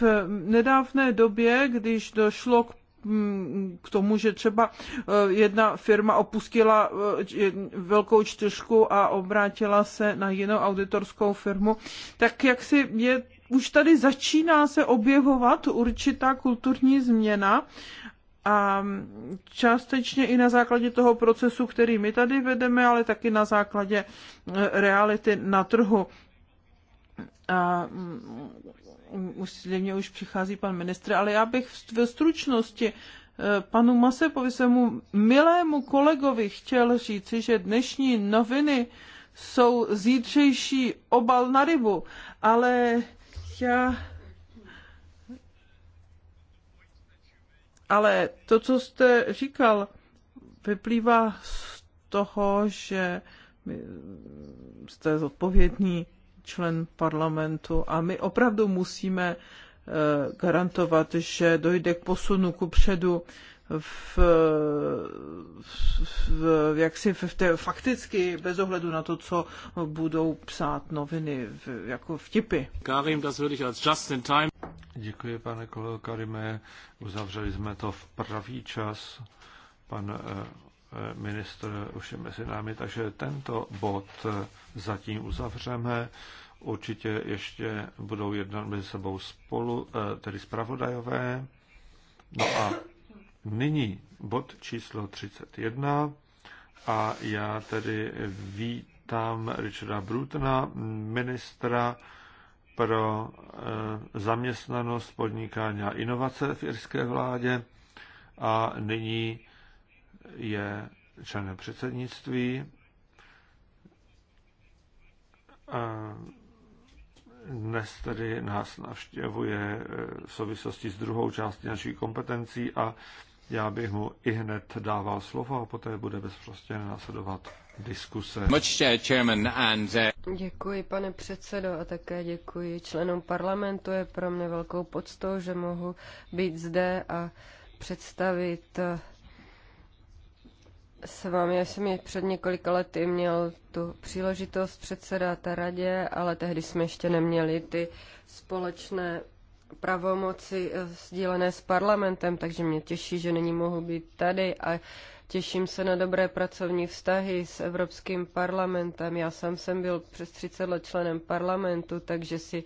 v nedávné době, když došlo k mm, k tomu, že třeba eh, jedna firma opustila eh, velkou čtyřku a obrátila se na jinou auditorskou firmu, tak jak si je už tady začíná se objevovat určitá kulturní změna a částečně i na základě toho procesu, který my tady vedeme, ale taky na základě e, reality na trhu. A mm, mm, zřejmě už přichází pan ministr, ale já bych ve stručnosti e, panu Masepovi, svému milému kolegovi, chtěl říci, že dnešní noviny jsou zítřejší obal na rybu, ale Peťa. Ale to, co jste říkal, vyplývá z toho, že jste zodpovědný člen parlamentu a my opravdu musíme eh, garantovat, že dojde k posunu ku předu v, v, v jaksi v té, fakticky bez ohledu na to, co budou psát noviny v, jako vtipy. Karim, das würde ich als just in time. Děkuji, pane kolego Karime. Uzavřeli jsme to v pravý čas. Pan eh, eh ministr už je mezi námi, takže tento bod eh, zatím uzavřeme. Určitě ještě budou jednat mezi sebou spolu, eh, tedy zpravodajové. No a Nyní bod číslo 31 a já tedy vítám Richarda Brutna, ministra pro eh, zaměstnanost, podnikání a inovace v irské vládě a nyní je členem předsednictví. Dnes tedy nás navštěvuje eh, v souvislosti s druhou částí naší kompetencí a já bych mu i hned dával slovo a poté bude bezprostě následovat diskuse. Uh, uh, děkuji, pane předsedo, a také děkuji členům parlamentu. Je pro mě velkou poctou, že mohu být zde a představit eh, s vámi. Já jsem před několika lety měl tu příležitost předsedat radě, ale tehdy jsme ještě neměli ty společné pravomoci eh, sdílené s parlamentem, takže mě těší, že není mohu být tady a těším se na dobré pracovní vztahy s Evropským parlamentem. Já sám jsem byl přes 30 let členem parlamentu, takže si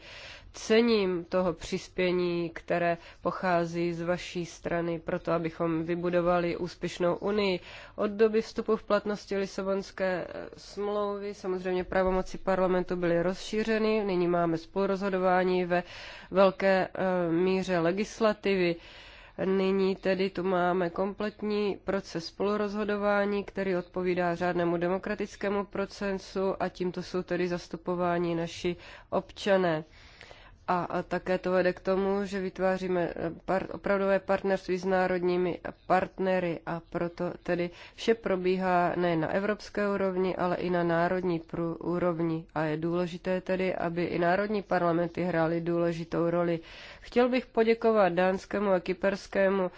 cením toho přispění, které pochází z vaší strany, proto abychom vybudovali úspěšnou unii. Od doby vstupu v platnosti Lisabonské eh, smlouvy samozřejmě pravomoci parlamentu byly rozšířeny, nyní máme spolurozhodování ve velké eh, míře legislativy. Nyní tedy tu máme kompletní proces spolurozhodování, který odpovídá řádnému demokratickému procesu a tímto jsou tedy zastupováni naši občané. A také to vede k tomu, že vytváříme eh, par- opravdové partnerství s národními partnery a proto tedy vše probíhá ne na evropské úrovni, ale i na národní úrovni. A je důležité tedy, aby i národní parlamenty hrály důležitou roli. Chtěl bych poděkovat dánskému a kyperskému uh,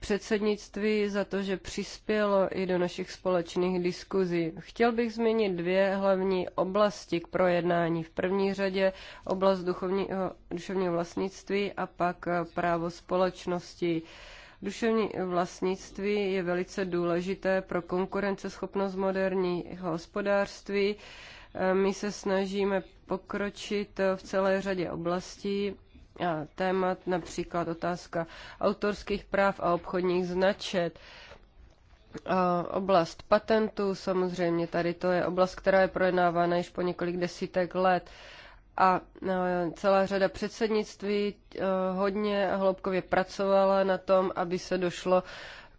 předsednictví za to, že přispělo i do našich společných diskuzí. Chtěl bych zmínit dvě hlavní oblasti k projednání. V první řadě oblast duchovního, eh, duševního vlastnictví a pak eh, právo společnosti. Duševní vlastnictví je velice důležité pro konkurenceschopnost moderního hospodářství. Eh, my se snažíme pokročit v celé řadě oblastí témat, například otázka autorských práv a obchodních značek. Oblast patentů, samozřejmě tady to je oblast, která je projednávána již po několik desítek let a celá řada předsednictví hodně hloubkově pracovala na tom, aby se došlo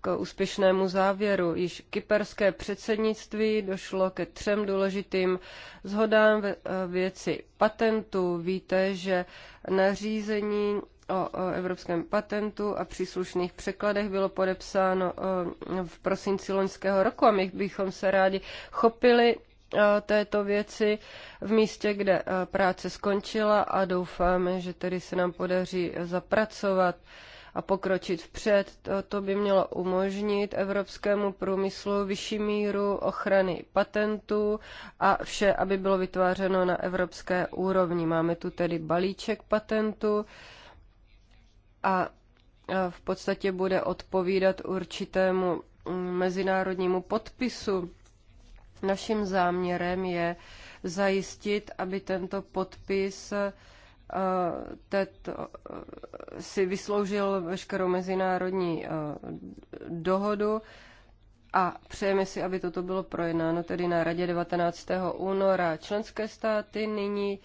k úspěšnému závěru. Již kyperské předsednictví došlo ke třem důležitým zhodám e, věci patentu. Víte, že nařízení o evropském patentu a příslušných překladech bylo podepsáno e, v prosinci loňského roku a my bychom se rádi chopili e, této věci v místě, kde práce skončila a doufáme, že tedy se nám podaří zapracovat a pokročit vpřed. To, to by mělo umožnit evropskému průmyslu vyšší míru ochrany patentů a vše, aby bylo vytvářeno na evropské úrovni. Máme tu tedy balíček patentů a v podstatě bude odpovídat určitému mezinárodnímu podpisu. Naším záměrem je zajistit, aby tento podpis uh, si vysloužil veškerou mezinárodní eh, dohodu a přejeme si, aby toto bylo projednáno tedy na radě 19. února. Členské státy nyní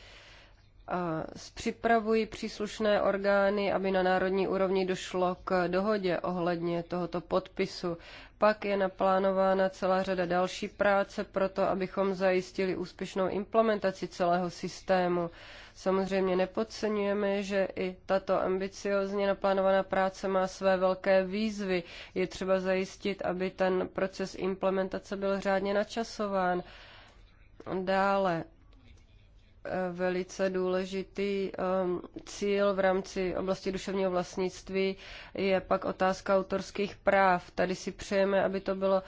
připravují příslušné orgány, aby na národní úrovni došlo k dohodě ohledně tohoto podpisu. Pak je naplánována celá řada další práce pro to, abychom zajistili úspěšnou implementaci celého systému. Samozřejmě nepodceňujeme, že i tato ambiciozně naplánovaná práce má své velké výzvy. Je třeba zajistit, aby ten proces implementace byl řádně načasován. Dále velice důležitý um, cíl v rámci oblasti duševního vlastnictví je pak otázka autorských práv. Tady si přejeme, aby to bylo uh,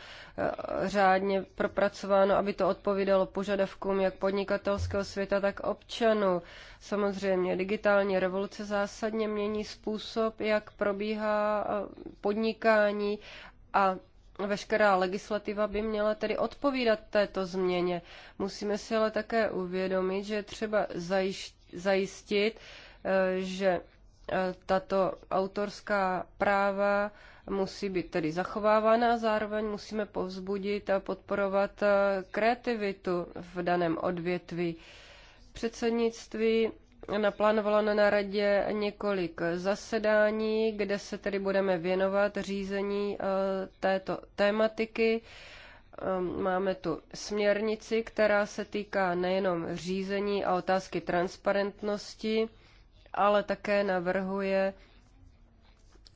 řádně propracováno, aby to odpovídalo požadavkům jak podnikatelského světa, tak občanů. Samozřejmě digitální revoluce zásadně mění způsob, jak probíhá uh, podnikání a Veškerá legislativa by měla tedy odpovídat této změně. Musíme si ale také uvědomit, že je třeba zajistit, eh, že eh, tato autorská práva musí být tedy zachovávána a zároveň musíme povzbudit a podporovat eh, kreativitu v daném odvětví. Předsednictví naplánovalo na radě několik zasedání, kde se tedy budeme věnovat řízení eh, této tématiky. Ehm, máme tu směrnici, která se týká nejenom řízení a otázky transparentnosti, ale také navrhuje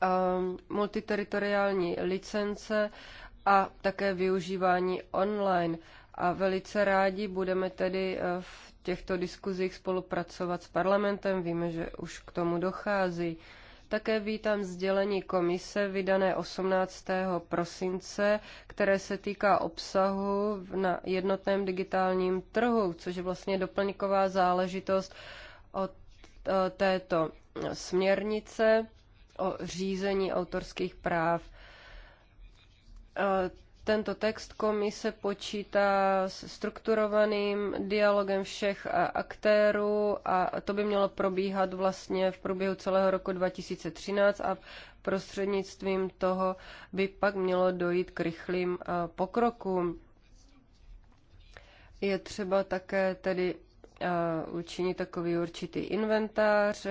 ehm, multiteritoriální licence a také využívání online. A velice rádi budeme tedy eh, v těchto diskuzích spolupracovat s parlamentem. Víme, že už k tomu dochází. Také vítám sdělení komise vydané 18. prosince, které se týká obsahu na jednotném digitálním trhu, což je vlastně doplňková záležitost od e, této směrnice o řízení autorských práv e, tento text komise počítá s strukturovaným dialogem všech aktérů a to by mělo probíhat vlastně v průběhu celého roku 2013 a prostřednictvím toho by pak mělo dojít k rychlým pokrokům. Je třeba také tedy učiní takový určitý inventář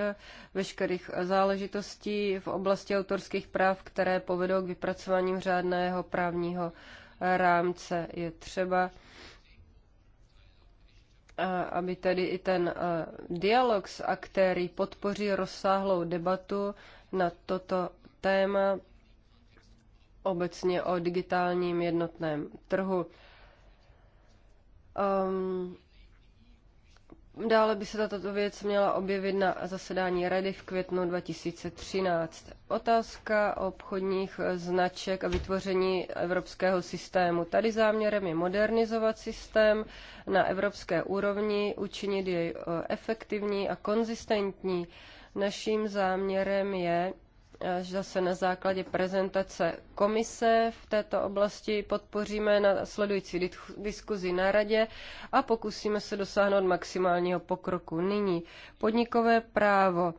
veškerých záležitostí v oblasti autorských práv, které povedou k vypracování řádného právního rámce. Je třeba, aby tedy i ten dialog s aktéry podpoří rozsáhlou debatu na toto téma obecně o digitálním jednotném trhu. Um, Dále by se tato věc měla objevit na zasedání Rady v květnu 2013. Otázka obchodních značek a vytvoření evropského systému. Tady záměrem je modernizovat systém na evropské úrovni, učinit jej eh, efektivní a konzistentní. Naším záměrem je zase na základě prezentace komise v této oblasti podpoříme na sledující diskuzi na radě a pokusíme se dosáhnout maximálního pokroku. Nyní podnikové právo.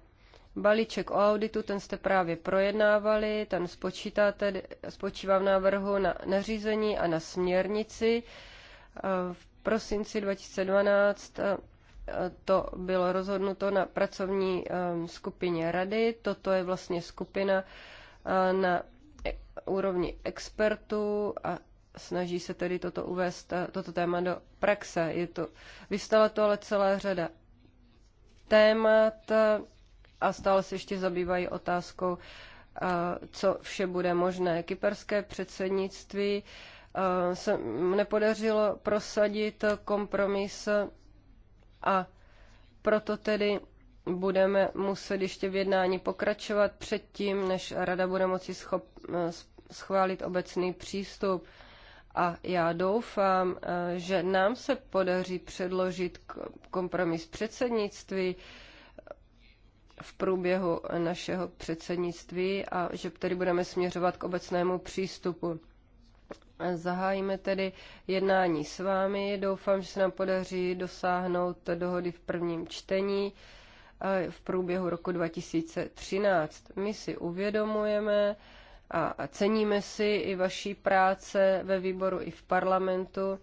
Balíček o auditu, ten jste právě projednávali, ten spočítá tedy, spočívá v návrhu na nařízení a na směrnici. V prosinci 2012 to bylo rozhodnuto na pracovní um, skupině rady. Toto je vlastně skupina uh, na úrovni expertů a snaží se tedy toto uvést, uh, toto téma do praxe. Je to, vystala to ale celá řada témat uh, a stále se ještě zabývají otázkou, co vše bude možné. Kyperské předsednictví se nepodařilo prosadit kompromis a proto tedy budeme muset ještě v jednání pokračovat předtím, než Rada bude moci schop, schválit obecný přístup. A já doufám, eh, že nám se podaří předložit kompromis předsednictví eh, v průběhu našeho předsednictví a že tedy budeme směřovat k obecnému přístupu. Zahájíme tedy jednání s vámi. Doufám, že se nám podaří dosáhnout dohody v prvním čtení eh, v průběhu roku 2013. My si uvědomujeme a ceníme si i vaší práce ve výboru i v parlamentu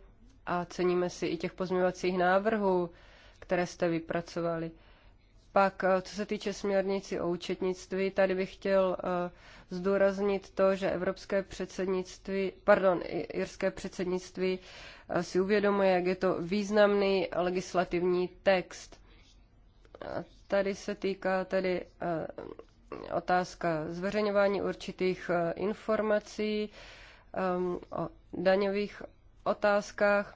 a ceníme si i těch pozměňovacích návrhů, které jste vypracovali. Pak, eh, co se týče směrnici o účetnictví, tady bych chtěl eh, zdůraznit to, že evropské předsednictví, pardon, irské předsednictví eh, si uvědomuje, jak je to významný legislativní text. tady se týká tedy otázka zveřejňování určitých informací ehm, o daňových otázkách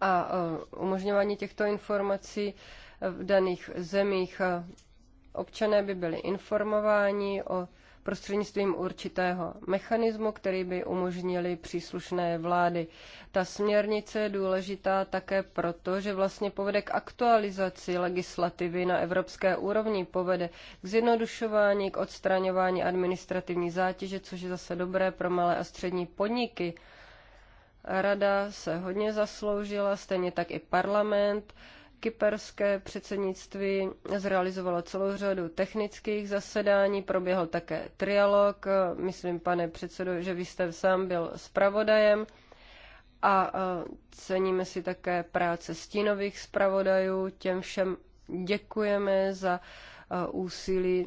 a umožňování těchto informací v daných zemích eh, občané by byli informováni o prostřednictvím určitého mechanismu, který by umožnili příslušné vlády. Ta směrnice je důležitá také proto, že vlastně povede k aktualizaci legislativy na evropské úrovni, povede k zjednodušování, k odstraňování administrativní zátěže, což je zase dobré pro malé a střední podniky. Rada se hodně zasloužila, stejně tak i parlament Kyperské předsednictví zrealizovalo celou řadu technických zasedání, proběhl také trialog, myslím, pane předsedo, že vy jste sám byl zpravodajem a e, ceníme si také práce stínových zpravodajů. Těm všem děkujeme za e, úsilí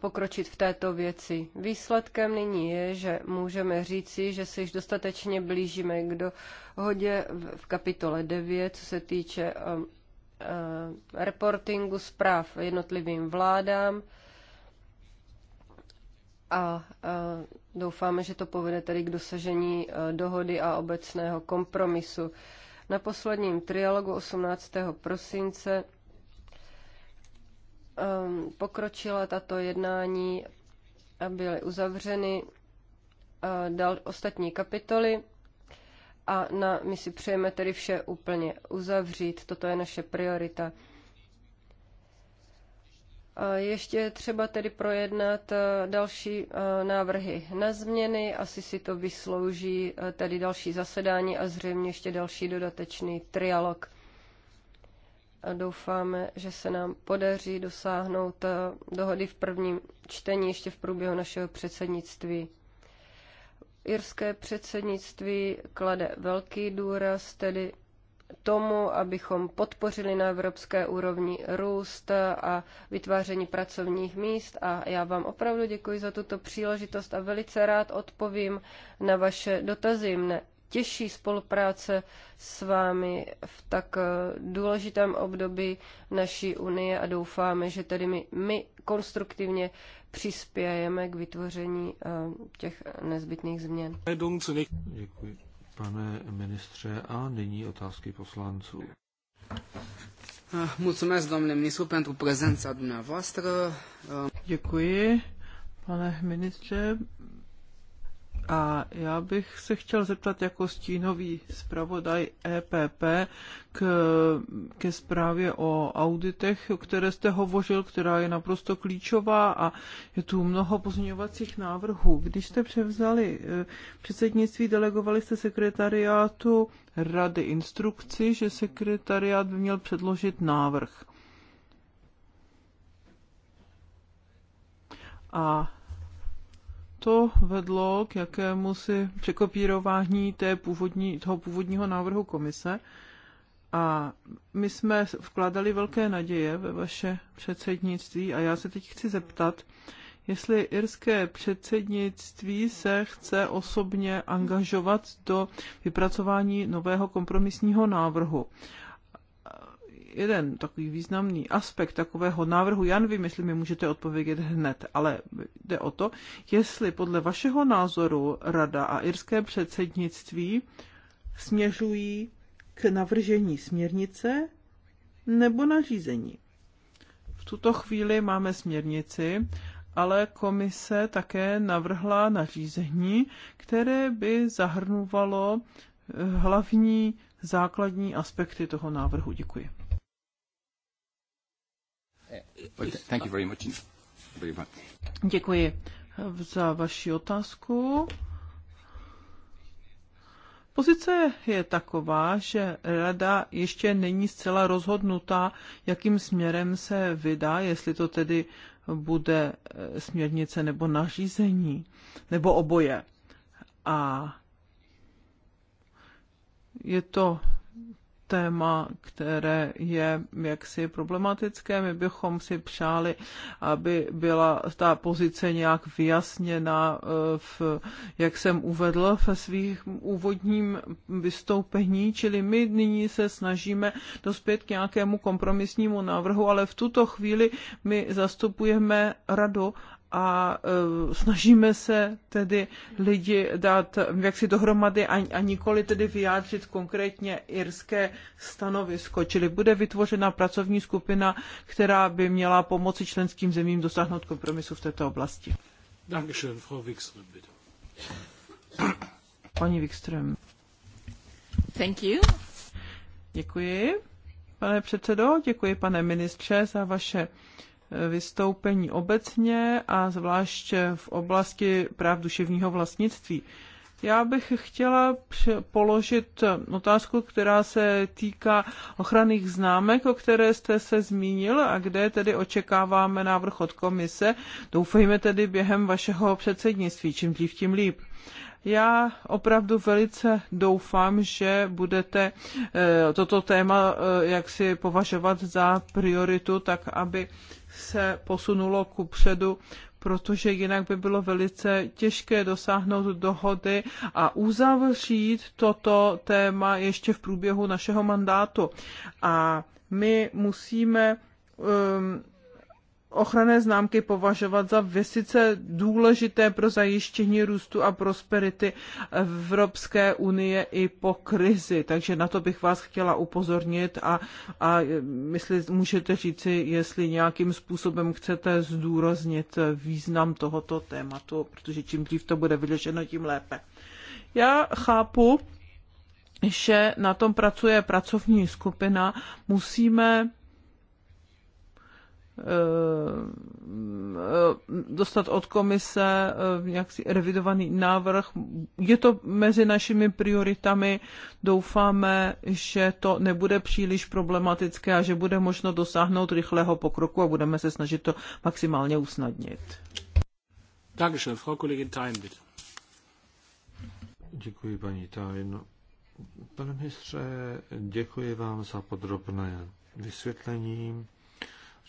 pokročit v této věci. Výsledkem nyní je, že můžeme říci, že se již dostatečně blížíme k dohodě v kapitole 9, co se týče e, Eh, reportingu zpráv jednotlivým vládám a eh, doufáme, že to povede tedy k dosažení eh, dohody a obecného kompromisu. Na posledním trialogu 18. prosince ehm, pokročila tato jednání a byly uzavřeny dal ostatní kapitoly a na, my si přejeme tedy vše úplně uzavřít. Toto je naše priorita. Ještě je třeba tedy projednat e, další e, návrhy na změny. Asi si to vyslouží e, tedy další zasedání a zřejmě ještě další dodatečný trialog. A doufáme, že se nám podaří dosáhnout dohody v prvním čtení ještě v průběhu našeho předsednictví irské předsednictví klade velký důraz tedy tomu, abychom podpořili na evropské úrovni růst a vytváření pracovních míst. A já vám opravdu děkuji za tuto příležitost a velice rád odpovím na vaše dotazy. Mne těžší spolupráce s vámi v tak důležitém období naší unie a doufáme, že tedy my, my konstruktivně přispějeme k vytvoření eh, těch nezbytných změn. Děkuji, pane ministře. A nyní otázky poslanců. Eh, mulțumesc, domnule ministru, pentru prezența dumneavoastră. Eh, Děkuji, pane ministře, a já bych se chtěl zeptat jako stínový zpravodaj EPP k, ke zprávě o auditech, o které jste hovořil, která je naprosto klíčová a je tu mnoho pozměňovacích návrhů. Když jste převzali e, předsednictví, delegovali jste sekretariátu rady instrukci, že sekretariát by měl předložit návrh. A to vedlo k jakému si překopírování té původní, toho původního návrhu komise. A my jsme vkládali velké naděje ve vaše předsednictví a já se teď chci zeptat, jestli irské předsednictví se chce osobně angažovat do vypracování nového kompromisního návrhu jeden takový významný aspekt takového návrhu, Jan, vy myslím, mi můžete odpovědět hned, ale jde o to, jestli podle vašeho názoru Rada a irské předsednictví směřují k navržení směrnice nebo nařízení. V tuto chvíli máme směrnici, ale komise také navrhla nařízení, které by zahrnovalo hlavní základní aspekty toho návrhu. Děkuji. Thank you very much. Děkuji za vaši otázku. Pozice je taková, že rada ještě není zcela rozhodnutá, jakým směrem se vydá, jestli to tedy bude eh, směrnice nebo nařízení, nebo oboje. A je to téma, které je jaksi problematické. My bychom si přáli, aby byla ta pozice nějak vyjasněna, eh, v, jak jsem uvedl ve svých úvodním vystoupení, čili my nyní se snažíme dospět k nějakému kompromisnímu návrhu, ale v tuto chvíli my zastupujeme radu a e, snažíme se tedy lidi dát jaksi dohromady a, a nikoli tedy vyjádřit konkrétně irské stanovisko. Čili bude vytvořena pracovní skupina, která by měla pomoci členským zemím dosáhnout kompromisu v této oblasti. Dankeschön, Frau Wikström, bitte. Wikström. Thank you. Děkuji, pane předsedo, děkuji, pane ministře, za vaše vystoupení obecně a zvláště v oblasti práv duševního vlastnictví. Já bych chtěla položit otázku, která se týká ochranných známek, o které jste se zmínil a kde tedy očekáváme návrh od komise. Doufejme tedy během vašeho předsednictví, čím dřív, tím líp. Já opravdu velice doufám, že budete eh, toto téma eh, jak si považovat za prioritu, tak aby se posunulo ku předu protože jinak by bylo velice těžké dosáhnout dohody a uzavřít toto téma ještě v průběhu našeho mandátu. A my musíme um, ochranné známky považovat za vysice důležité pro zajištění růstu a prosperity Evropské unie i po krizi. Takže na to bych vás chtěla upozornit a, a jestli můžete říci, jestli nějakým způsobem chcete zdůraznit význam tohoto tématu, protože čím dřív to bude vyřešeno, tím lépe. Já chápu, že na tom pracuje pracovní skupina. Musíme Eh, dostat od komise eh, nějaký revidovaný návrh. Je to mezi našimi prioritami. Doufáme, že to nebude příliš problematické a že bude možno dosáhnout rychlého pokroku a budeme se snažit to maximálně usnadnit. Dankeschön, Frau Kollegin Thein, bitte. Děkuji, paní Tajn. Pane ministře, děkuji vám za podrobné vysvětlení.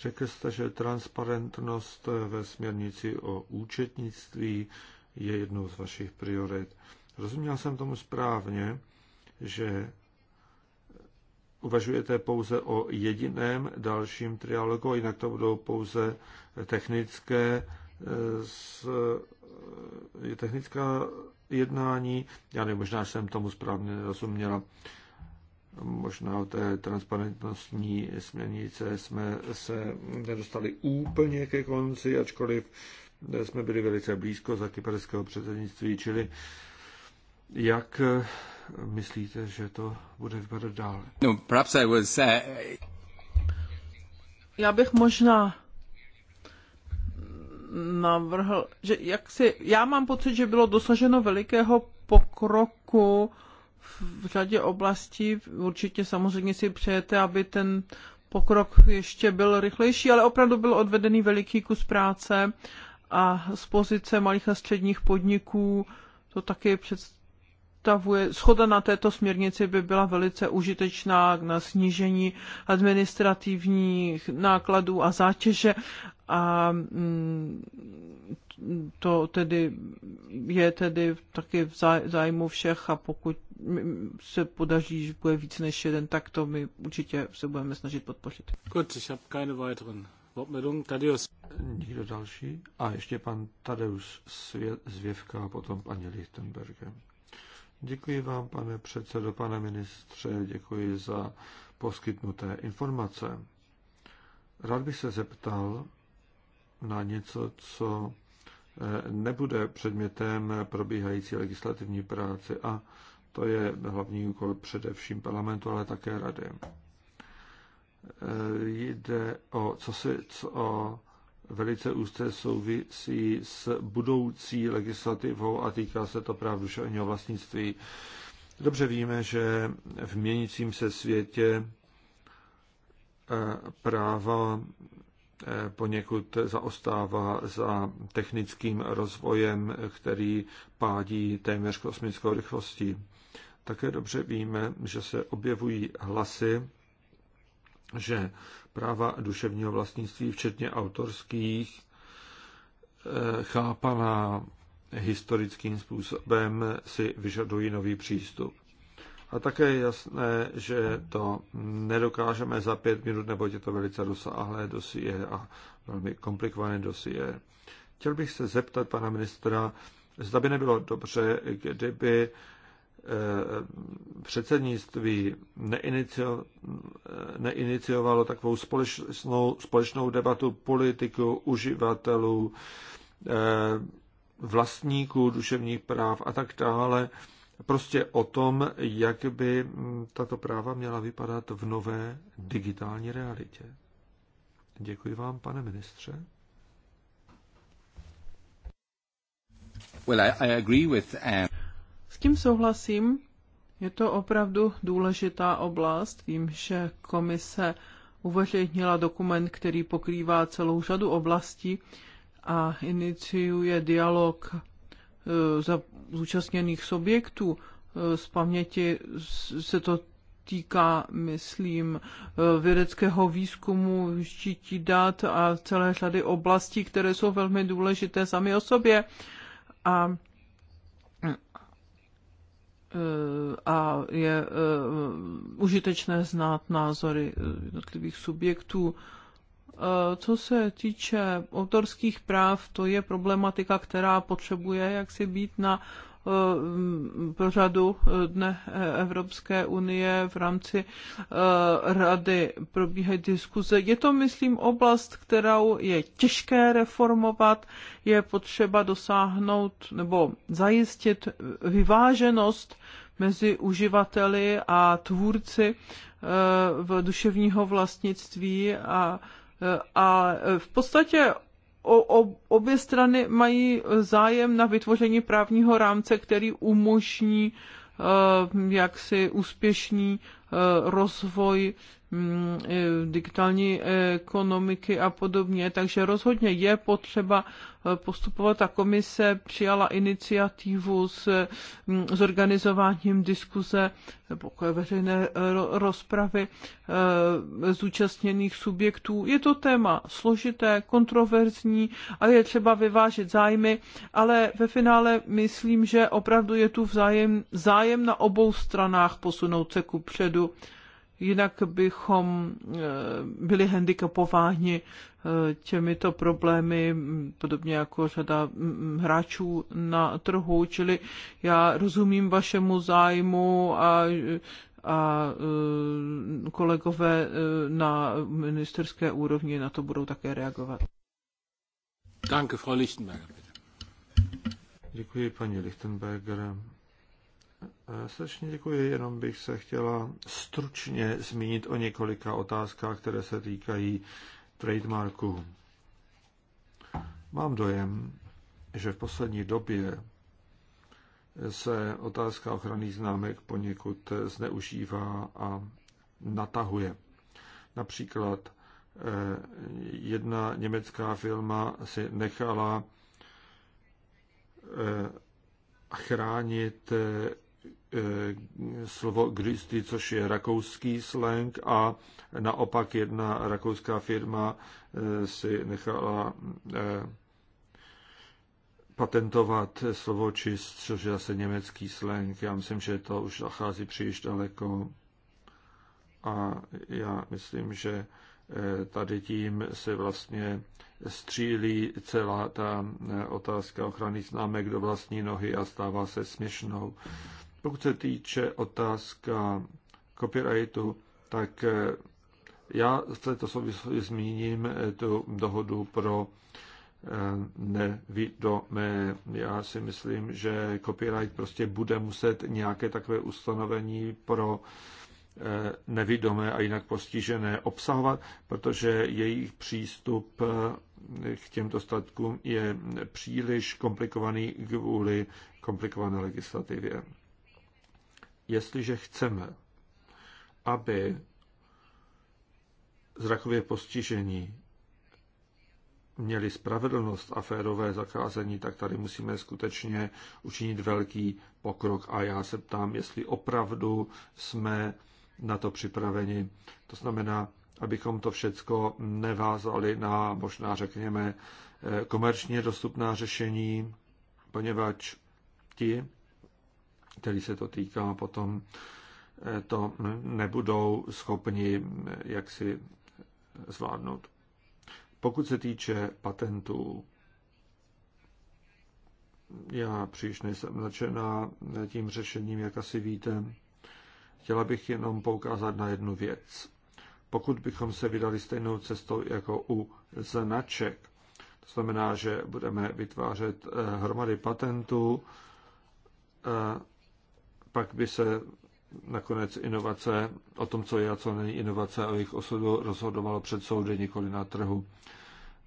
Řekl jste, že transparentnost ve směrnici o účetnictví je jednou z vašich priorit. Rozuměl jsem tomu správně, že uvažujete pouze o jediném dalším trialogu, jinak to budou pouze technické, eh, s, technická jednání. Já nevím, možná jsem tomu správně rozuměla možná o té transparentnostní směrnice jsme se nedostali úplně ke konci, ačkoliv jsme byli velice blízko za kyperského předsednictví, čili jak eh, myslíte, že to bude vypadat dále? No, perhaps I will say... Eh, já bych možná navrhl, že jak si, já mám pocit, že bylo dosaženo velikého pokroku v řadě oblastí. Určitě samozřejmě si přejete, aby ten pokrok ještě byl rychlejší, ale opravdu byl odvedený veliký kus práce a z pozice malých a středních podniků to taky před, představuje, schoda na této směrnici by byla velice užitečná na snížení administrativních nákladů a zátěže a mm, to tedy je tedy taky v zájmu všech a pokud se podaří, že bude víc než jeden, tak to my určitě se budeme snažit podpořit. Gut, ich habe keine weiteren Wortmeldungen. Tadeus. Nikdo další? A ještě pan Tadeus Zvěvka a potom paní Lichtenberger. Děkuji vám, pane předsedo, pane ministře, děkuji za poskytnuté informace. Rád bych se zeptal na něco, co eh, nebude předmětem probíhající legislativní práce a to je hlavní úkol především parlamentu, ale také rady. Eh, jde o, co si, o velice úzce souvisí s budoucí legislativou a týká se to práv duševního vlastnictví. Dobře víme, že v měnícím se světě eh, práva eh, poněkud zaostává za technickým rozvojem, který pádí téměř kosmickou rychlostí. Také dobře víme, že se objevují hlasy, že práva duševního vlastnictví, včetně autorských, eh, chápaná historickým způsobem, si vyžadují nový přístup. A také je jasné, že to nedokážeme za pět minut, nebo je to velice rozsáhlé dosie a velmi komplikované dosie. Chtěl bych se zeptat pana ministra, zda by nebylo dobře, kdyby Eh, předsednictví neinicio, neiniciovalo takovou společnou, společnou debatu politiků, uživatelů, eh, vlastníků duševních práv a tak dále, prostě o tom, jak by hm, tato práva měla vypadat v nové digitální realitě. Děkuji vám, pane ministře. Well, I, I agree with Anne. Um, s tím souhlasím. Je to opravdu důležitá oblast. Vím, že komise uveřejnila dokument, který pokrývá celou řadu oblastí a iniciuje dialog e, za zúčastněných subjektů. E, z paměti se to týká, myslím, e, vědeckého výzkumu, štítí dat a celé řady oblastí, které jsou velmi důležité sami o sobě. A a je eh, užitečné znát názory eh, jednotlivých subjektů. Eh, co se týče autorských práv, to je problematika, která potřebuje jaksi být na Eh, pořadu eh, Dne eh, Evropské unie v rámci rady probíhají diskuze. Je to, myslím, oblast, kterou je těžké reformovat, je potřeba dosáhnout nebo zajistit vyváženost mezi uživateli a tvůrci v duševního vlastnictví a a v podstatě obě strany mají zájem na vytvoření právního rámce, který umožní eh, jaksi úspěšný eh, rozvoj Mm, e, digitální ekonomiky a podobně. Takže rozhodně je potřeba e, postupovat a komise přijala iniciativu s mm, organizováním diskuze nebo veřejné e, rozpravy zúčastněných subjektů. Je to téma složité, kontroverzní a je třeba vyvážit zájmy, ale ve finále myslím, že opravdu je tu vzájem, zájem na obou stranách posunout se ku předu jinak bychom eh, byli handicapováni eh, těmito problémy, mm, podobně jako řada mm, mm, hráčů na trhu, čili já rozumím vašemu zájmu a a eh, kolegové na ministerské úrovni na to budou také reagovat. Danke, Frau Lichtenberger, bitte. Děkuji, paní Lichtenberger. Srdečně děkuji, jenom bych se chtěla stručně zmínit o několika otázkách, které se týkají trademarku. Mám dojem, že v poslední době se otázka ochranných známek poněkud zneužívá a natahuje. Například eh, jedna německá firma si nechala eh, chránit eh, Eh, slovo Gristy, což je rakouský slang a naopak jedna rakouská firma eh, si nechala eh, patentovat slovo čist, což je zase německý slang. Já myslím, že to už zachází příliš daleko a já myslím, že tady tím se vlastně střílí celá ta otázka ochrany známek do vlastní nohy a stává se směšnou. Hmm pokud se týče otázka copyrightu, tak eh, já v této souvislosti zmíním eh, tu dohodu pro eh, nevidomé. Já si myslím, že copyright prostě bude muset nějaké takové ustanovení pro nevidomé a jinak postižené obsahovat, protože jejich přístup k těmto statkům je příliš komplikovaný kvůli komplikované legislativě jestliže chceme, aby zrakově postižení měli spravedlnost a férové zakázení, tak tady musíme skutečně učinit velký pokrok. A já se ptám, jestli opravdu jsme na to připraveni. To znamená, abychom to všecko nevázali na možná, řekněme, eh, komerčně dostupná řešení, poněvadž ti, který se to týká, potom eh, to nebudou schopni eh, jaksi eh, zvládnout. Pokud se týče patentů, já příliš nejsem nadšená tím řešením, jak asi víte. Chtěla bych jenom poukázat na jednu věc. Pokud bychom se vydali stejnou cestou jako u značek, to znamená, že budeme vytvářet hromady patentů, pak by se nakonec inovace, o tom, co je a co není inovace, o jejich osudu rozhodovalo před soudy, nikoli na trhu.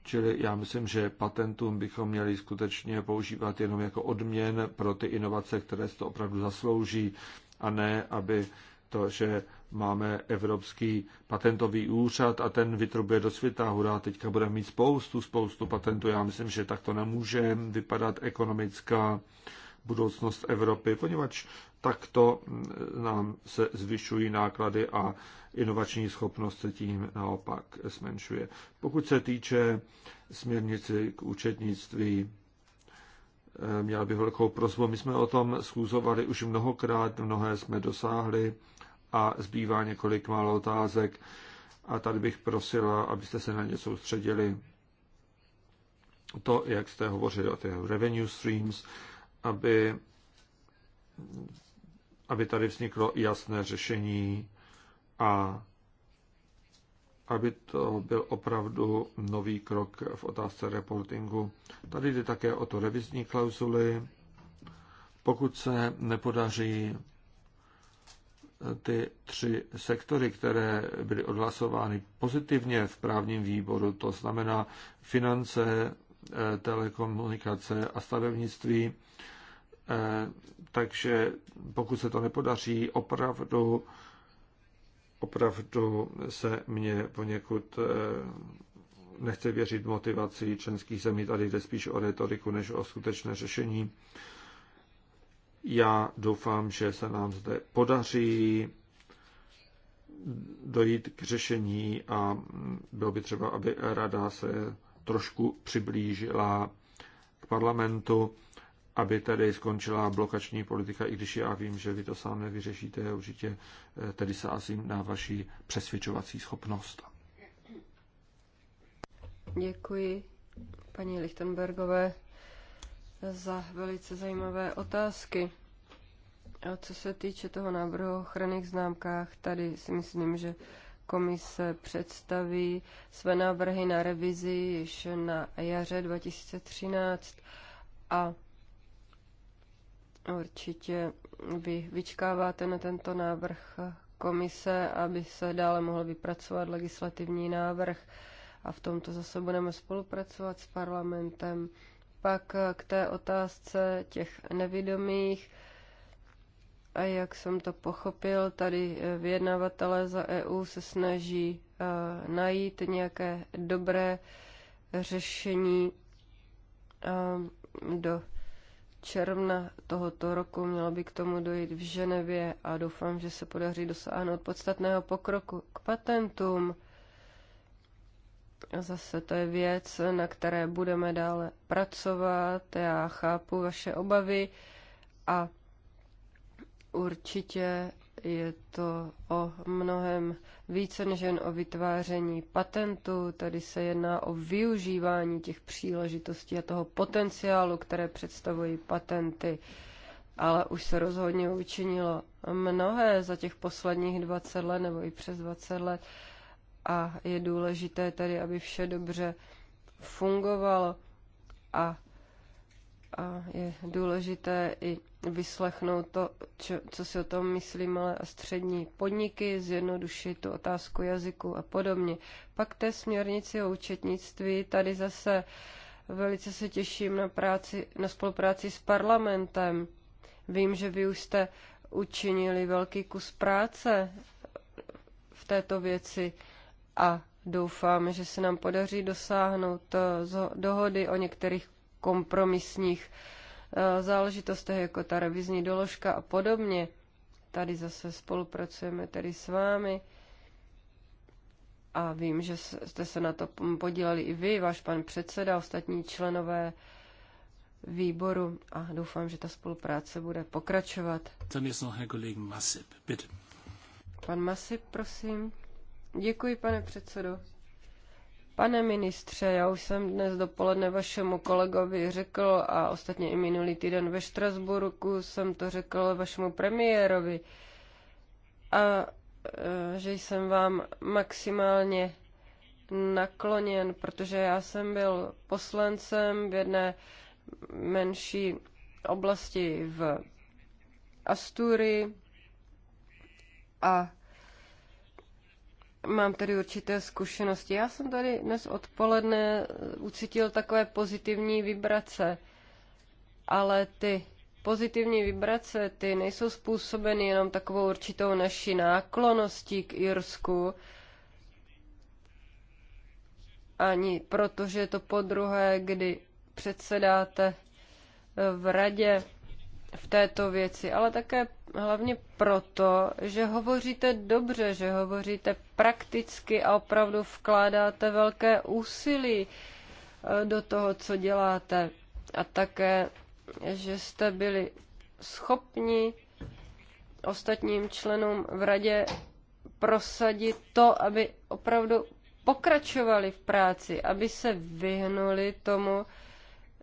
Čili já myslím, že patentům bychom měli skutečně používat jenom jako odměn pro ty inovace, které si to opravdu zaslouží, a ne, aby to, že máme Evropský patentový úřad a ten vytrubuje do světa, hurá, teďka bude mít spoustu, spoustu patentů. Já myslím, že tak to nemůže vypadat ekonomická budoucnost Evropy, poněvadž takto mm, nám se zvyšují náklady a inovační schopnost se tím naopak zmenšuje. Pokud se týče směrnici k účetnictví, eh, měla bych velkou prozbu. My jsme o tom schůzovali už mnohokrát, mnohé jsme dosáhli a zbývá několik málo otázek. A tady bych prosila, abyste se na ně soustředili. To, jak jste hovořili o těch revenue streams, aby aby tady vzniklo jasné řešení a aby to byl opravdu nový krok v otázce reportingu. Tady jde také o to revizní klauzuly. Pokud se nepodaří eh, ty tři sektory, které byly odhlasovány pozitivně v právním výboru, to znamená finance, eh, telekomunikace a stavebnictví, Eh, takže pokud se to nepodaří, opravdu, opravdu se mě poněkud eh, nechce věřit motivaci členských zemí. Tady jde spíš o retoriku než o skutečné řešení. Já doufám, že se nám zde podaří dojít k řešení a bylo by třeba, aby rada se trošku přiblížila k parlamentu aby tady skončila blokační politika, i když já vím, že vy to sám nevyřešíte, určitě eh, tedy asi na vaši přesvědčovací schopnost. Děkuji paní Lichtenbergové za velice zajímavé otázky. A co se týče toho návrhu o ochranných známkách, tady si myslím, že komise představí své návrhy na revizi již na jaře 2013 a Určitě vy vyčkáváte na tento návrh komise, aby se dále mohl vypracovat legislativní návrh a v tomto zase budeme spolupracovat s parlamentem. Pak k té otázce těch nevědomých. A jak jsem to pochopil, tady vyjednavatelé za EU se snaží eh, najít nějaké dobré řešení eh, do června tohoto roku. Mělo by k tomu dojít v Ženevě a doufám, že se podaří dosáhnout podstatného pokroku k patentům. A zase to je věc, na které budeme dále pracovat. Já chápu vaše obavy a určitě je to o mnohem více než jen o vytváření patentů. Tady se jedná o využívání těch příležitostí a toho potenciálu, které představují patenty. Ale už se rozhodně učinilo mnohé za těch posledních 20 let nebo i přes 20 let. A je důležité tady, aby vše dobře fungovalo a, a je důležité i vyslechnout to, čo, co si o tom myslí malé a střední podniky, zjednodušit tu otázku jazyku a podobně. Pak té směrnici o účetnictví, tady zase velice se těším na, práci, na spolupráci s parlamentem. Vím, že vy už jste učinili velký kus práce v této věci a doufám, že se nám podaří dosáhnout eh, dohody o některých kompromisních uh, Eh, záležitostech, jako ta revizní doložka a podobně. Tady zase spolupracujeme tedy s vámi a vím, že jste se na to podíleli i vy, váš pan předseda, ostatní členové výboru a doufám, že ta spolupráce bude pokračovat. Tam je noch Herr Masip, bitte. Pan Masip, prosím. Děkuji, pane předsedo. Pane ministře, já už jsem dnes dopoledne vašemu kolegovi řekl a ostatně i minulý týden ve Štrasburku jsem to řekl vašemu premiérovi a e, že jsem vám maximálně nakloněn, protože já jsem byl poslancem v jedné menší oblasti v Asturii a Mám tady určité zkušenosti. Já jsem tady dnes odpoledne eh, ucítil takové pozitivní vibrace, ale ty pozitivní vibrace, ty nejsou způsobeny jenom takovou určitou naší nákloností k Irsku, ani protože je to po druhé, kdy předsedáte eh, v radě v této věci, ale také Hlavně proto, že hovoříte dobře, že hovoříte prakticky a opravdu vkládáte velké úsilí eh, do toho, co děláte. A také, že jste byli schopni ostatním členům v radě prosadit to, aby opravdu pokračovali v práci, aby se vyhnuli tomu,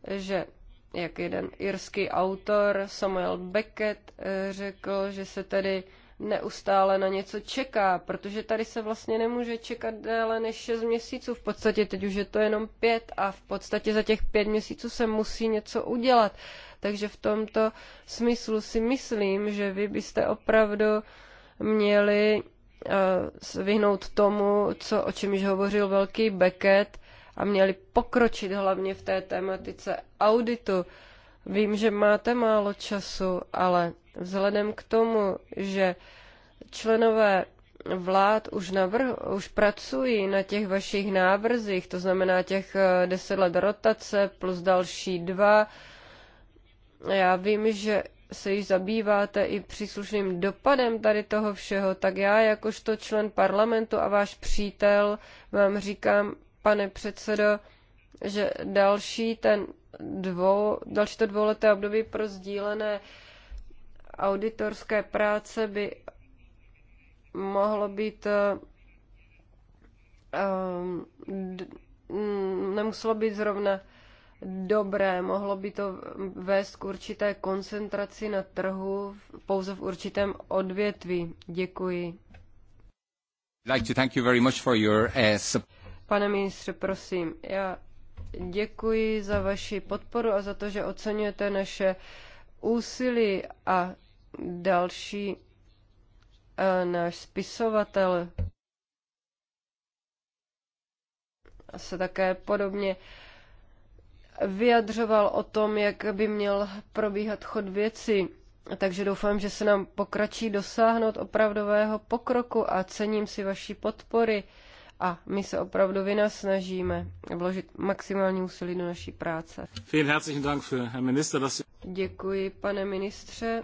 že jak jeden irský autor Samuel Beckett eh, řekl, že se tedy neustále na něco čeká, protože tady se vlastně nemůže čekat déle než 6 měsíců. V podstatě teď už je to jenom 5 a v podstatě za těch 5 měsíců se musí něco udělat. Takže v tomto smyslu si myslím, že vy byste opravdu měli uh, vyhnout tomu, co, o čem již hovořil velký Beckett, a měli pokročit hlavně v té tématice auditu. Vím, že máte málo času, ale vzhledem k tomu, že členové vlád už, navrh, už pracují na těch vašich návrzích, to znamená těch eh, deset let rotace plus další dva. Já vím, že se již zabýváte i příslušným dopadem tady toho všeho, tak já jakožto člen parlamentu a váš přítel vám říkám, pane předsedo, že další, ten dvou, další to dvouleté období pro sdílené auditorské práce by mohlo být um, nemuselo být zrovna dobré, mohlo by to vést k určité koncentraci na trhu pouze v určitém odvětví. Děkuji. Like to thank you very much for your, uh, Pane ministře, prosím, já děkuji za vaši podporu a za to, že oceňujete naše úsilí a další a e, náš spisovatel se také podobně vyjadřoval o tom, jak by měl probíhat chod věci. Takže doufám, že se nám pokračí dosáhnout opravdového pokroku a cením si vaší podpory a my se opravdu snažíme vložit maximální úsilí do naší práce. Děkuji, pane ministře,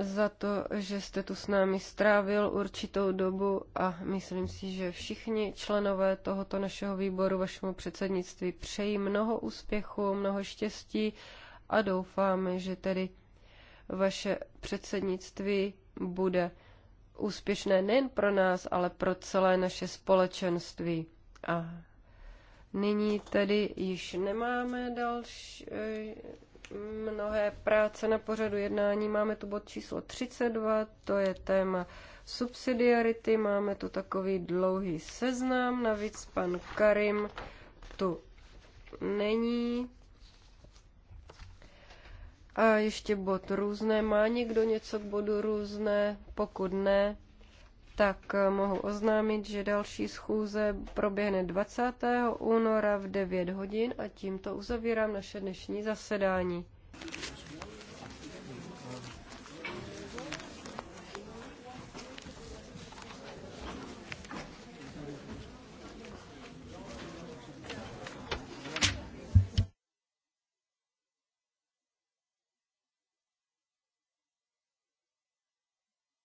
za to, že jste tu s námi strávil určitou dobu a myslím si, že všichni členové tohoto našeho výboru vašemu předsednictví přeji mnoho úspěchu, mnoho štěstí a doufáme, že tedy vaše předsednictví bude úspěšné nejen pro nás, ale pro celé naše společenství. A nyní tedy již nemáme další eh, mnohé práce na pořadu jednání. Máme tu bod číslo 32, to je téma subsidiarity. Máme tu takový dlouhý seznam, navíc pan Karim tu není, a ještě bod různé. Má někdo něco k bodu různé? Pokud ne, tak eh, mohu oznámit, že další schůze proběhne 20. února v 9 hodin a tímto uzavírám naše dnešní zasedání.